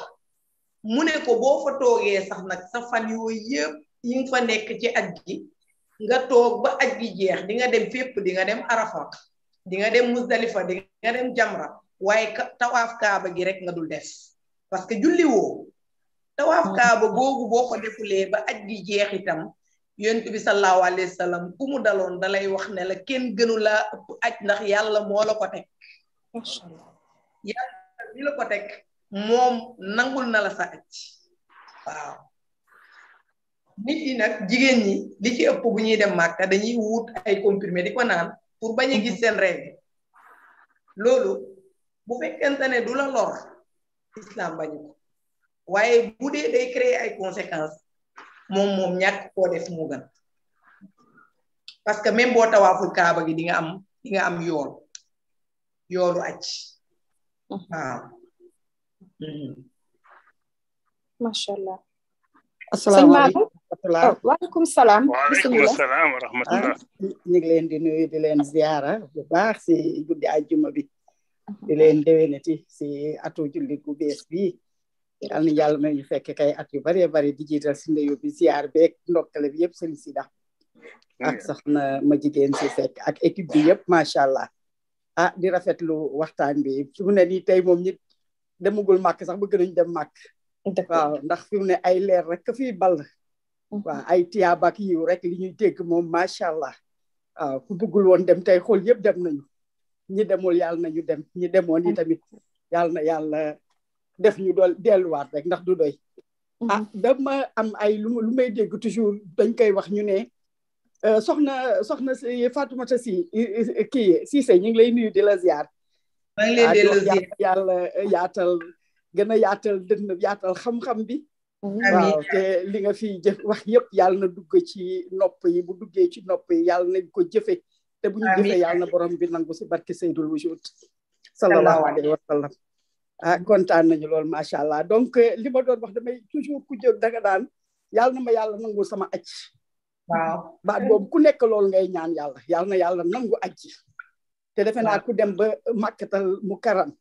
mu ne ko boo fa toogee sax nag sa fan yooyu yëpp yi nga fa nekk ci aj gi nga toog ba aj gi jeex di nga dem fépp di nga dem Arafat di nga dem Musdalifa di nga dem Jamra waaye tawaaf kaaba gi rek nga dul des parce que julli woo tawaaf hmm. kaaba googu boo ko defulee ba aj gi jeex itam yonent bi sallallahu alayhi wa sallam daloon dalay wax ne la kenn gënu laa ëpp aj ndax yàlla moo la ko teg la ko teg moom nangul na la sa aj waaw nit yi nak jigen ñi li ci ëpp bu ñuy dem makka dañuy wut ay comprimé di ko naan pour bañ gis seen règle lolu bu fekkentane du la lor islam bañu ko waye bu dé day créer ay conséquences mom mom ñak ko def mu gën parce que même bo tawaful kaaba gi di nga am di nga am yool yoolu acc waaw masha allah Assalamu alaikum. rahmatulah. Oh, salaam. waaleykum salaam wa rahmatulah. Ah, ñu ngi leen di nuyu di leen ziara bu baax si guddi àjjuma bi. di leen déwénati si atu julli gu bi bii. yal na yàlla may ñu fekk kay at yu bëree bëri di jiital si ndeyu bi ziar beeg ndokkale bi yëpp sëriñ si dax sax na ma jigéen si fekk ak équipe bi yëpp macha allah. ah di rafetlu waxtaan bi fi mu ne nii tey moom ñit demagul màkk sax bëgg nañu dem màkk. waaw ndax fi mu ne ay leer rek fi bal waaw ay tiyaabak yiw rek li ñuy dégg moom macha allah waaw ku bëggul woon dem tey xool yëpp dem nañu ñi demul yàlla nañu dem ñi demoon yi tamit yàlla na yàlla def ñu dol delluwaat rek ndax du doy mhm. ah dama am ay lu lu may dégg toujours dañ koy wax ñu ne euh, soxna soxna si Fatoumata si kii Cissé ñu ngi lay nuyu di la ziar maa ngi leen di ah, xam-xam bi waaw te li nga fi jëf wax yëpp yàlla dugg ci nopp yi bu duggee ci nopp yi yàlla nañ ko jëfe te bu ñu jëfee yàlla na borom bi nangu si barke Seydul Wujud sallallahu alayhi wa sallam a ah, kontaan nañu lool macha allah donc euh, li ma doon wax damay toujours ku jël daga daan yàlla na ma yàlla nangu sama aj waaw baat boobu ku nekk loolu ngay ñaan yàlla yàlla na yàlla nangu aj te defe naa ku dem ba màkkatal mu karam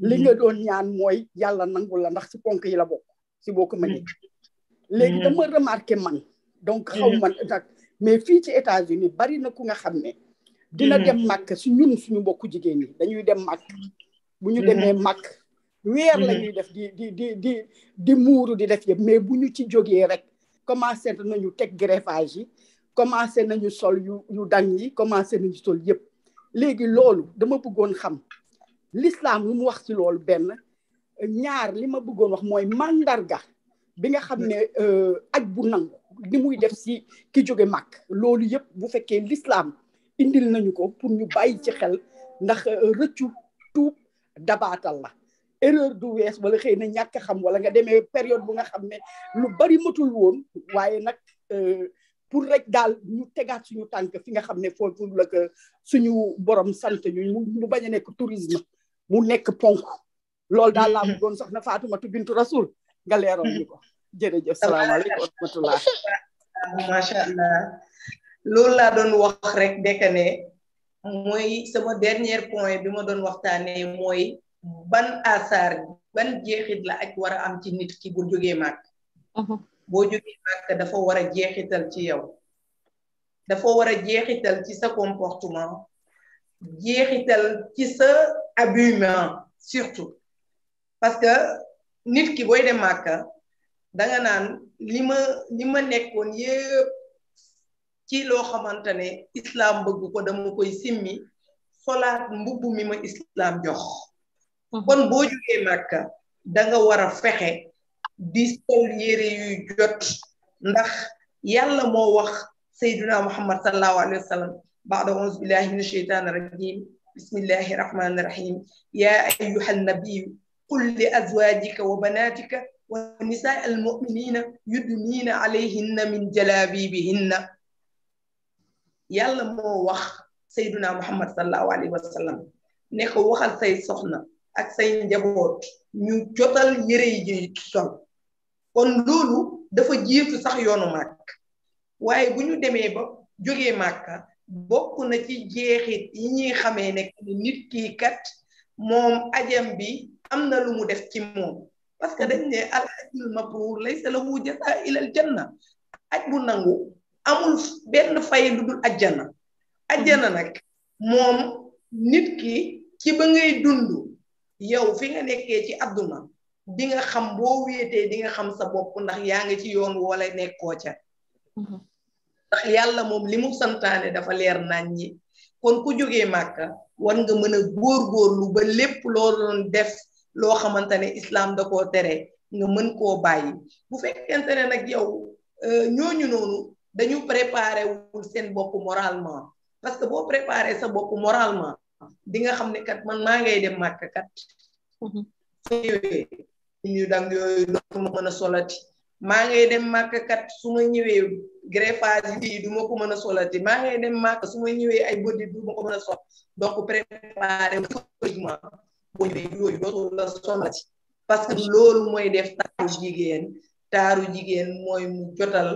li mm-hmm. nga doon ñaan mooy yàlla nangu la ndax si ponk yi la bokk si boo ko mënee mm-hmm. léegi dama mm-hmm. remarquer man donc mm-hmm. xaw man nag mais fi ci États-Unis bari na ku nga xam ne dina dem mak su ñun suñu bokku jigéen ni dañuy dem mak buñu ñu mak wër lañuy def di di di di di mouru di def yëpp mais buñu ci joggé rek commencé nañu tek greffage yi commencé nañu sol yu yu dang yi commencé nañu sol yëpp légui loolu dama bëggoon xam l'islam lu mu wax ci loolu benn ñaar li ma bëggoon wax mooy mandarga bi nga xam ne euh, aj bu nangu li muy def si ki jóge màkk loolu yëpp bu fekkee lislaam indil nañu ko pour ñu bàyyi ci xel ndax euh, rëccu tuub dabaatal la erreur du wees wala xëy na ñàkk xam wala nga demee période bu nga xam ne lu bari matul woon waaye nag euh, pour rek daal ñu tegaat suñu tànk fi nga xam ne foofu la ko suñu borom sant ñu mu bañ a nekk tourisme mu nekk ponk loolu daal laa bëggoon soxna Faatumata bintu Rasul nga leeroon ñu ko jërëjëf salaamaaleykum wa rahmatulah macha allah loolu laa doon wax rek deka ne mooy sama dernier point bi ma doon waxtaanee mooy ban asaar ban jeexit la aj war a am ci nit ki bu jógee màkk uh-huh. boo jógee màkk dafa war a jeexital ci yow dafa war a jeexital ci sa comportement jeexital ci sa habillement surtout parce que nit ki boy dem màkka da nga nan lima lima li yeb ci lo xamante islam bëgg ko dama koy simmi xolaat mbubb mi ma islam jox kon bo jógee màkka da nga wara fexe di sol yére yu jot ndax yàlla mo wax sayduna muhammad sallallahu alayhi wasallam sallam بعد أعوذ بالله من الشيطان الرجيم بسم الله الرحمن الرحيم يا أيها النبي قل لأزواجك وبناتك والنساء المؤمنين يدنين عليهن من جلابيبهن يلا مو وخ سيدنا محمد صلى الله عليه وسلم نيكو وخال سي سخنا ak say njaboot ñu jotal yére yi sol kon loolu dafa jiitu sax yoonu màkk waaye bu ñu demee ba jógee màkka bokk na ci jeexit yi ñuy xamee ne nit kii kat moom ajam bi am na lu mu def ci moom parce que mm-hmm. dañ ne al hajjul mabruur laysa lahu jazaa ilal janna aj bu nangu amul benn fay lu dul ajjana ajjana mm-hmm. nag moom nit ki ci ba ngay dund yow fi nga nekkee ci àdduna di nga xam boo wéetee di nga xam sa bopp ndax yaa ngi ci yoon wala nekkoo ca mm-hmm. ndax yàlla moom li mu santaane dafa leer nañ ñi kon ku jógee màkka war nga mën a góorgóorlu ba lépp loo def loo xamante ne islam da koo tere nga mën koo bàyyi bu fekkente ne nag yow euh, ñooñu noonu dañu préparé wul seen bopp moralement parce que boo préparé sa bopp moralement di nga xam ne kat man maa ngay dem màkk kat. Mhm. su ñëwee ñu dang yooyu loolu ma mën a solati maa ngay dem màkk su ma ñëwee greffage bi du ma ko mën a solati maa ngay dem màkk su ma ñëwee ay body du ma ko mën a sol donc préparé psychologiquement mooy parce que loolu mooy def taaru jigéen taaru jigéen mooy mu jotal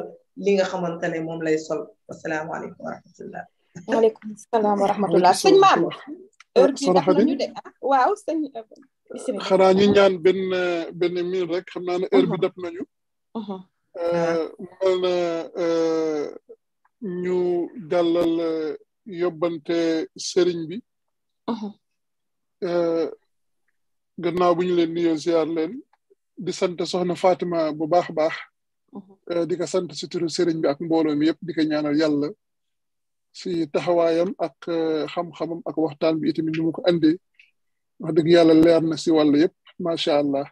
li nga xamante ne moom lay sol asalaamaaleykum wa rahmatullah waaleykum salaam wa rahmatullah sëñ Maam heure eh, bi ndax nañu de ah, waaw sëñ euh, ñu ñaan benn benn min rek xam naa ne heure bi uh-huh. dab nañu uh-huh. euh, mel na euh, ñu jàllal yóbbante sëriñ bi uh-huh. gannaaw bu ñu leen nuyoo ziar leen di sant soxna Fatima bu baax a baax mhm. eh, di ko sant si turu sëriñ bi ak mbooloo mi yëpp di ko ñaanal yàlla si taxawaayam ak eh, xam-xamam ak waxtaan bi itamit ni mu ko andee wax dëgg yàlla leer na si wàll yëpp macha allah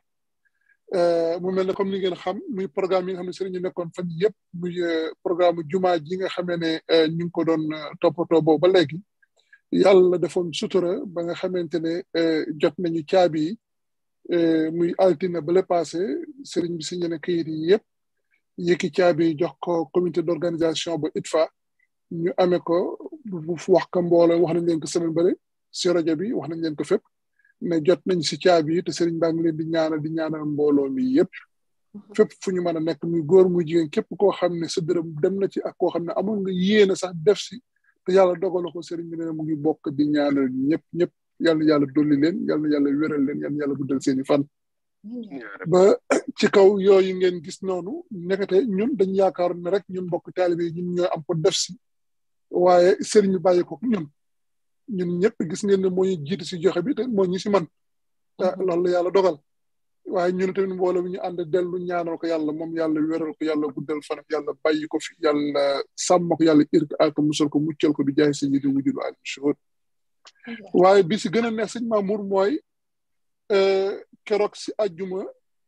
eh, mu mel ne comme ni ngeen xam muy programme yi nga xam ne sëriñ ñu nekkoon fan yëpp muy programme juma ji nga xamee ne ñu ngi ko doon toppatoo boobu ba léegi yàlla defoon sutura ba nga xamante ne eh, jot nañu caabi yi eh, muy altine ba le passé sëriñ bi signé na kayit yi yëpp yëkki caabi jox ko comité d' ba ITFA ñu amee ko wax ko mbooloo wax nañ leen ko semaine bële si rajo bi wax nañ leen ko fépp ne jot nañ si caabi yi te sëriñ baa ngi leen di ñaanal di ñaanal mbooloo mi yëpp fépp fu ñu mën muy góor muy jigéen képp koo xam ne sa dërëm dem na ci ak koo xam amul nga yéene sax def si te yàlla dogal ko sëriñ bi ne mu ngi bokk di ñaanal ñëpp ñëpp yàlla yàlla dolli leen yàlla yàlla wéral leen yàlla yàlla guddal seeni fan ba ci kaw yooyu ngeen gis noonu nekkate ñun dañ yaakaar ne rek ñun mbokk taalibe yi ñun ñooy am ko def si waaye sëriñ bi bàyyi ko ñun ñun ñëpp gis ngeen ne moo ñu jiitu si joxe bi te moo ñu si man mm-hmm. loolu la yàlla dogal waaye ñun tamit mbooloo mi ñu ànd dellu ñaanal ko yàlla moom yàlla wéral ko yàlla guddal fanam yàlla bàyyi ko fi yàlla sàmm ko yàlla a ak musal ko muccal ko bi jaay si ñi di wujul waaye bi si gën a neex sëñ Mamour mooy euh, keroog si àjjuma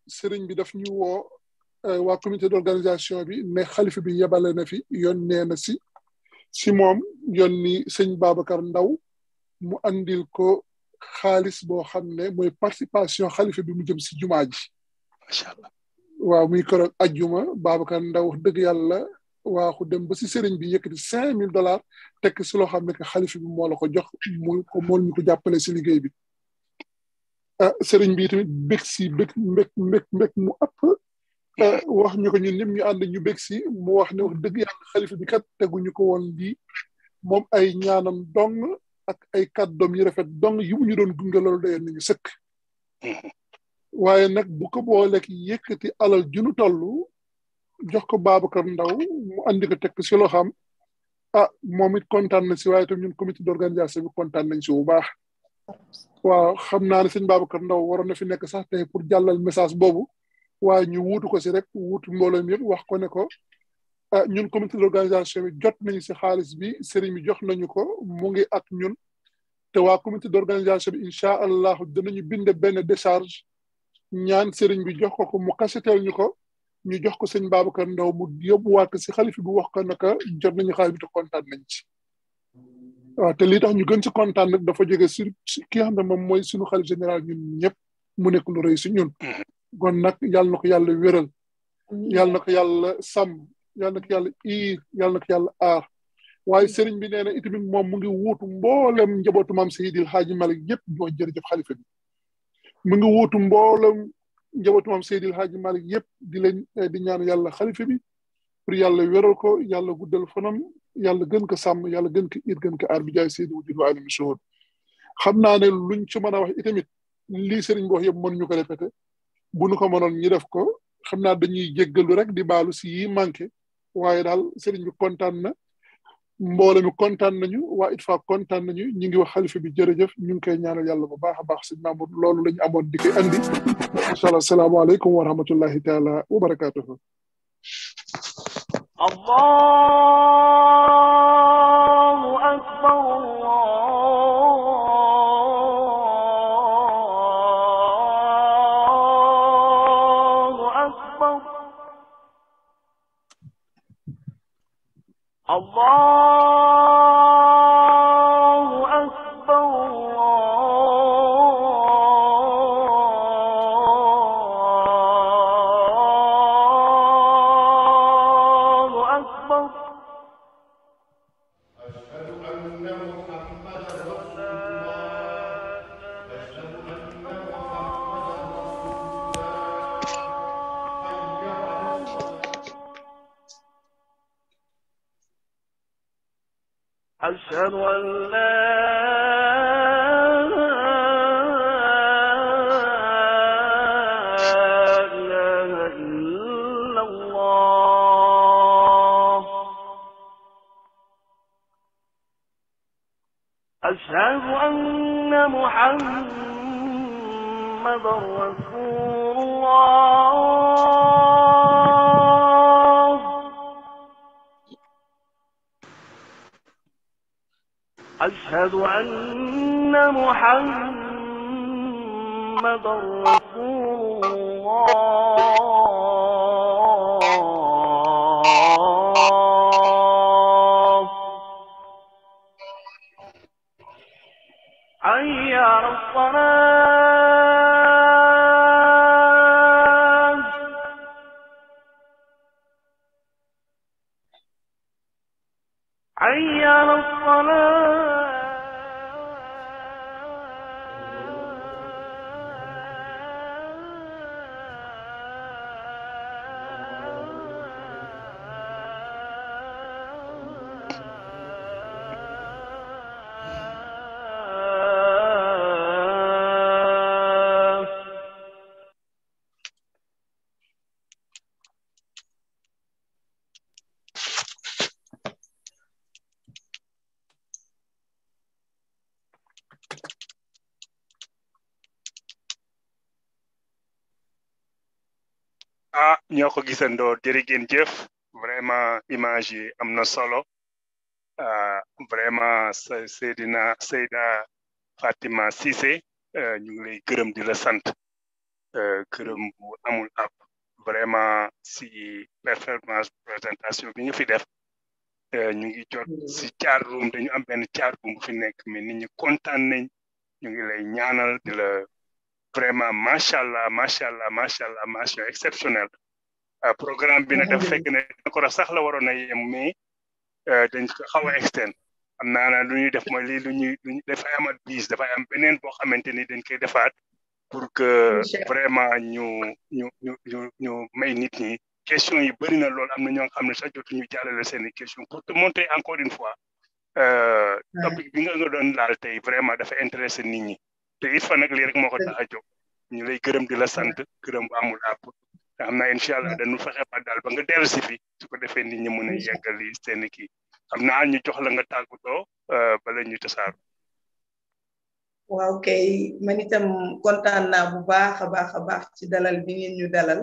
sëriñ bi daf ñu woo euh, waa comité d'organisation bi ne xalifa bi yebale na fi yónnee na si si moom yónni sëñ Babacar Ndaw mu andil ko خالص بو خامني موي بارتيسيپاسيون خليفه بي مو جيم سي جوماجي ما شاء الله وا موي كور اجوما بابا كان داو دغ يالا وا خو ديم با سي سيرين بي يكتي 5000 دولار تك سي لو خامني خليفه بي مولا كو جوخ موي كو مول نيكو جابالي سي ليغي بي ا سيرين بي تيميت بيكسي بيك ميك ميك ميك مو اب واخ نيكو ني نيم ني اند ني بيكسي مو واخ ني واخ دغ يالا خليفه بي كات تغو نيكو وون لي موم اي نيانام دونغ ak ay kàddoom yu rafet dong yi mu ñu doon gunge loolu day ni ñu sëkk waaye nag bu ko booleeg yëkkati alal ju nu toll jox ko Ndaw mu andi ko teg si ah moom it kontaan na si waaye tam ñun comité d' organisation bi kontaan nañ si bu baax waaw xam naa ne babu Babacar Ndaw waroon na fi nekk sax tey pour jàllal message boobu waaye ñu wuutu ko si rek wuutu wax ko ne ko ñun comité d'organisation bi jot nañu ci xaalis bi sëriñ bi jox nañu ko mu ngi ak ñun te waa comité d'organisation bi insha allah danañu bind benn décharge ñaan sëriñ bi jox ko ko mu kaseteel ñu ko ñu jox ko sëriñ Babacar Ndaw mu yóbbu ko si xalifi bi wax ko naka jot nañu xaalis bi te kontaan nañ ci waaw te li tax ñu gën ci kontaan nag dafa jóge sur ki xam ne moom mooy suñu xalif général ñun ñëpp mu nekk lu rëy si ñun kon nag yàlla na ko yàlla wéral yàlla na ko yàlla sàmm yal nak yàlla iir yal nak yàlla aar waaye sëriñ bi nee na itamit moom mu ngi wuutu mboolem njabootu maam Seydil Haaji Malik yëpp di wax jërëjëf xalifa bi mu ngi wuutu mboolem njabootu maam Seydil Haaji Malik yëpp di leen di ñaan yàlla xalifa bi pour yàlla wéral ko yàlla guddal fanam yàlla gën ko sàmm yàlla gën ko iir gën ko aar bi jaay Seydi Wujud wa Alimi Shuhud ne luñ ci mën wax itamit lii sëriñ bi wax yëpp mën ko répété bu nu ko mënoon ñu def ko xam dañuy jéggalu rek di baalu si yi manqué waaye daal sëriñ bi kontaan na mboolo mi kontaan nañu waa ITFA kontaan nañu ñu ngi wax xalifa bi jërëjëf ñu ngi koy ñaanal yàlla bu baax a baax sëñ Mamour loolu lañu di koy andi allah wa rahmatullahi taala wa barakaatuhu الله أكبر الله Allah محمد رسول ñoo ko gisandoo jërëgeen jëf vraiment image yi am na solo euh, vraiment Seydina Seyda Fatima Cissé euh, ñu ngi lay gërëm di la sant euh, gërëm bu amul ab vraiment si performance présentation bi ñu fi def ñu ngi jot si caar room dañu am benn caar mu fi nekk mais nit ñi kontaan nañ ñu ngi lay ñaanal di la vraiment macha allah macha allah macha allah mention exceptionnelle Euh, programme bi nag daf fekk ne encore sax la waroon a yem mais euh, dañ ko xaw a externe am naa lu ñuy def mooy lii lu ñuy lu ñuy dafay amat dafay am beneen boo xamante ni dañ koy defaat pour que vraiment ñu ñu ñu ñu ñu may nit ñi question yi bëri na lool am na ñoo xam ne sax jotu ñu jàllale seen i question pour te montrer encore une fois euh, topic bi nga nga doon laal tey vraiment dafa intéressé nit ñi te it fa nag lii rek moo tax a jóg ñu lay gërëm di la sant gërëm bu amul àpp te xam allah dañu fexé ba dal ba nga delsi fi su ko defé nit ñi mën a yeggali seen kii xam naa ñu jox la nga euh, ba la ñu tasaaru. waaw kay man itam kontaan naa bu baax baax baax ci dalal bi ngeen ñu dalal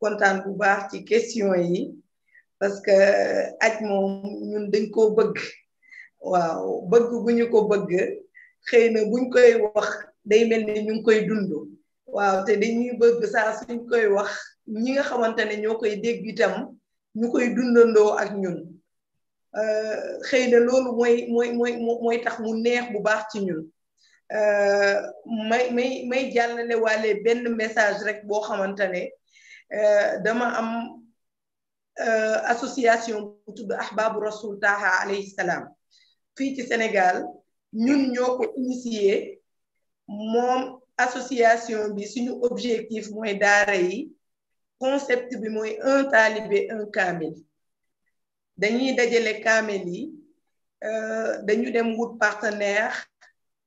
kontaan bu baax ci question yi parce que euh, aj moom ñun dañ koo bëgg waaw bëgg bu ko bëgg xëy buñ koy wax day mel ñu ngi koy dundu waaw te dañuy bëgg saa suñ koy wax ñi nga xamante ne ñoo koy dégg itam ñu koy dundandoo ak ñun euh, xëy na loolu mooy mooy mooy tax mu neex bu baax ci ñun euh, may may may jàllale waale benn message rek boo xamante ne euh, dama am association bu tudd ahbabu rasul taha alayhi salaam fii ci Sénégal ñun ñoo ko initié moom association bi suñu objectif moy daara yi concept bi moy un talibé un kamel dañuy dajalé kamel yi euh, dañu dem wut partenaire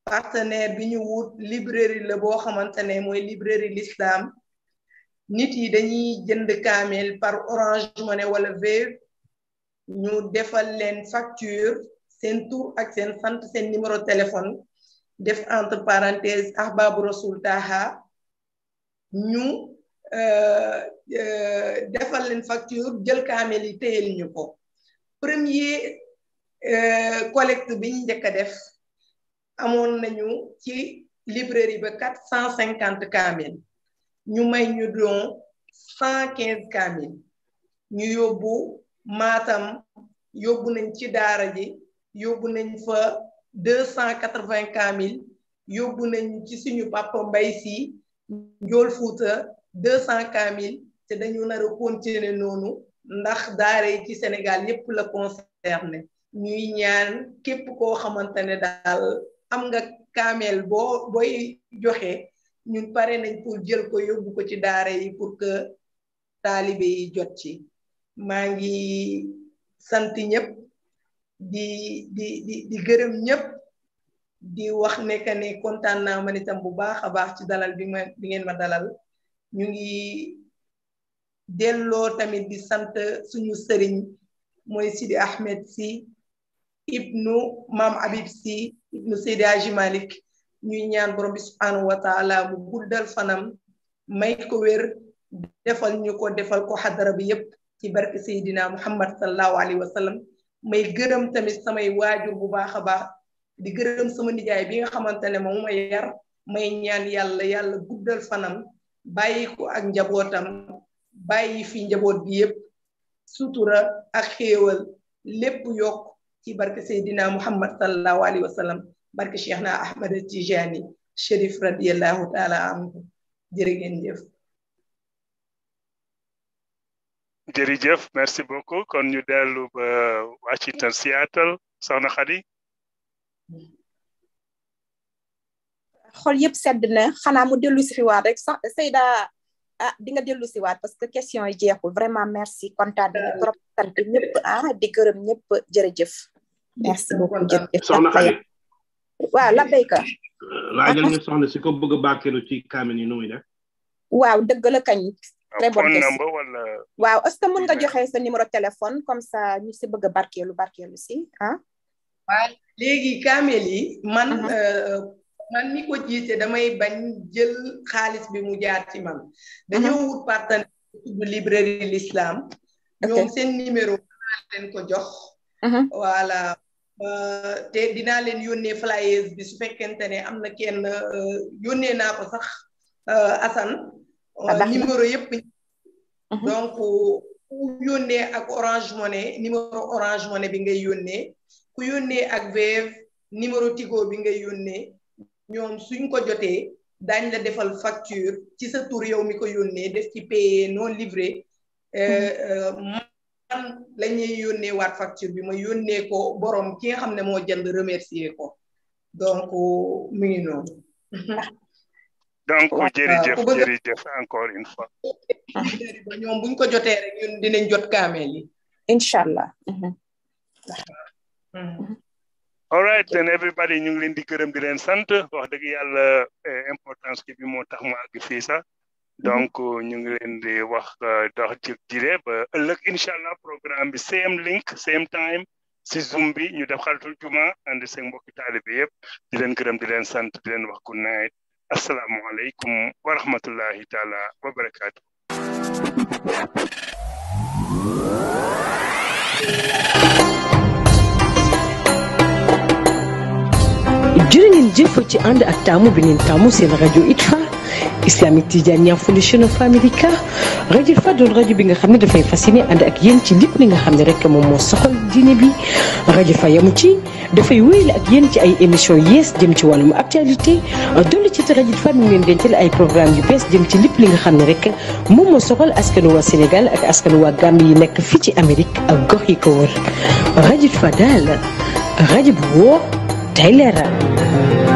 partenaire bi ñu wut librairie la bo xamantene moy librairie l'islam nit yi dañuy jënd kamel par Orange Money wala Wave ñu defal leen facture sen tour ak sen sante sen numéro téléphone def entre parenthèse ahbabu rasul taha ñu euh, euh, defal leen facture jël kaamel yi téyel ñu ko premier euh, collecte bi ñu njëkk def amoon nañu ci librairie ba quatre cent cinquante kaamel ñu may ñu don cent quinze kaamel ñu yóbbu maatam yóbbu nañ ci daara ji yóbbu nañ fa deux cent quatre vingt kaamil yóbbu nañu ci suñu papa mbay si njool fuuta deux cent kaamil te dañoo nar a continuer noonu ndax daara yi ci Sénégal yépp la concerné ñuy ñaan képp koo xamante ne daal am nga kaamel boo booy joxe ñun pare nañ pour jël ko yóbbu ko ci daara yi pour que taalibe yi jot ci maa ngi sant ñëpp di di di gërëm ñëpp di wax ne que ne kontaan naa man itam bu baax a baax ci dalal bi ma bi ngeen ma dalal ñu ngi delloo tamit di sant suñu sëriñ mooy Sidi Ahmed si ibnu mam Habib si ibnu Seydi Aji Malik ñuy ñaan borom bi subhanahu wa mu guddal fanam may ko wér defal ñu ko defal ko xadara bi yépp ci barke Seydina Muhammad sallallahu alayhi wa may gërëm tamit samay waajur bu baax a baax di gërëm sama nijaay bi nga xamante ne moom ma yar may ñaan yàlla yàlla guddal fanam bàyyi ko ak njabootam bàyyi fi njaboot bi yépp sutura ak xéewal lépp yokk ci barke Seydina Muhammad sallallahu alayhi wa sallam barke Cheikhna Ahmad Tijani Cherif radiyallahu taala anhu jërë ngeen jërëjëf merci beaucoup kon ñu dellu ba Washington Seattle soxna Khady xol yëpp sedd na xanaa mu dellu si waat rek sax Seyda ah, di nga dellu si waat parce que question yi jeexul vraiment merci trop sant ah di gërëm ñëpp jërëjëf merci beaucoup jërëjëf soxna Khady waaw la béyka laajal nga soxna si ko bëgg a ci kaamil yi nu muy def waaw dëgg la kañ très bonne question waaw est ce que mën nga joxe sa numéro de téléphone comme ça ñu si bëgg a barkeelu barkeelu si ah waaw léegi kaamel yi man man mi ko jiite damay bañ jël xaalis bi mu jaar ci man dañoo wut partenaire tudd librairie l'islam ñoom seen numéro naa leen ko jox voilà te dinaa leen yónnee flyers bi su fekkente ne am na kenn yónnee naa ko sax asan Euh, numéro yëpp mhm. donc ku yónnee ak Orange Money numéro Orange Money bi ngay yónnee ku yónnee ak Wave numéro Tigo bi ngay yónnee ñoom suñ ko jotee dañ la defal facture ci sa tur yow mi ko yónnee def ci payé non livré euh, mhm. euh, man la ñuy yónnee waat facture bi ma yónnee ko borom ki nga xam ne moo jënd remercier ko donc mi ngi noonu ah, donc jërëjëf jërëjëf encore une fois ba ñoom buñ ko jotee rek ñun dinañ jot kaameel yi inshallah mhm. Mhm. all right then everybody ñu ngi leen di gërëm di leen sant wax dëgg yàlla eh, importance ki bi moo tax mu àgg fii sax mhm. donc ñu ngi leen di wax eh, dox ci dire ba ëllëg inshallah programme bi same link same time si zoom bi ñu def xaltul juma ànd seen mbokki taalibe yëpp di leen gërëm di leen sant di leen wax good night السلام عليكم ورحمة الله تعالى وبركاته جرين الجفو عند التامو بنين تامو سي الغاديو إتفا islamique tijaniya foundation of America rajo fa doon rajo bi nga xam ne dafay fasciné ànd ak yéen ci lépp li nga xam ne rek moom moo soxal diine bi rajo fa yamu ci dafay wéyale ak yéen ci ay émission yees jëm ci wàllum actualité dolli ci rajo fa mi leen dencal ay programme yu bees jëm ci lépp li nga xam ne rek moom moo soxal askanu waa Sénégal ak askanu waa Gambie yi nekk fii ci Amérique ak gox yi ko wër rajo fa daal rajo bu woo tey leeral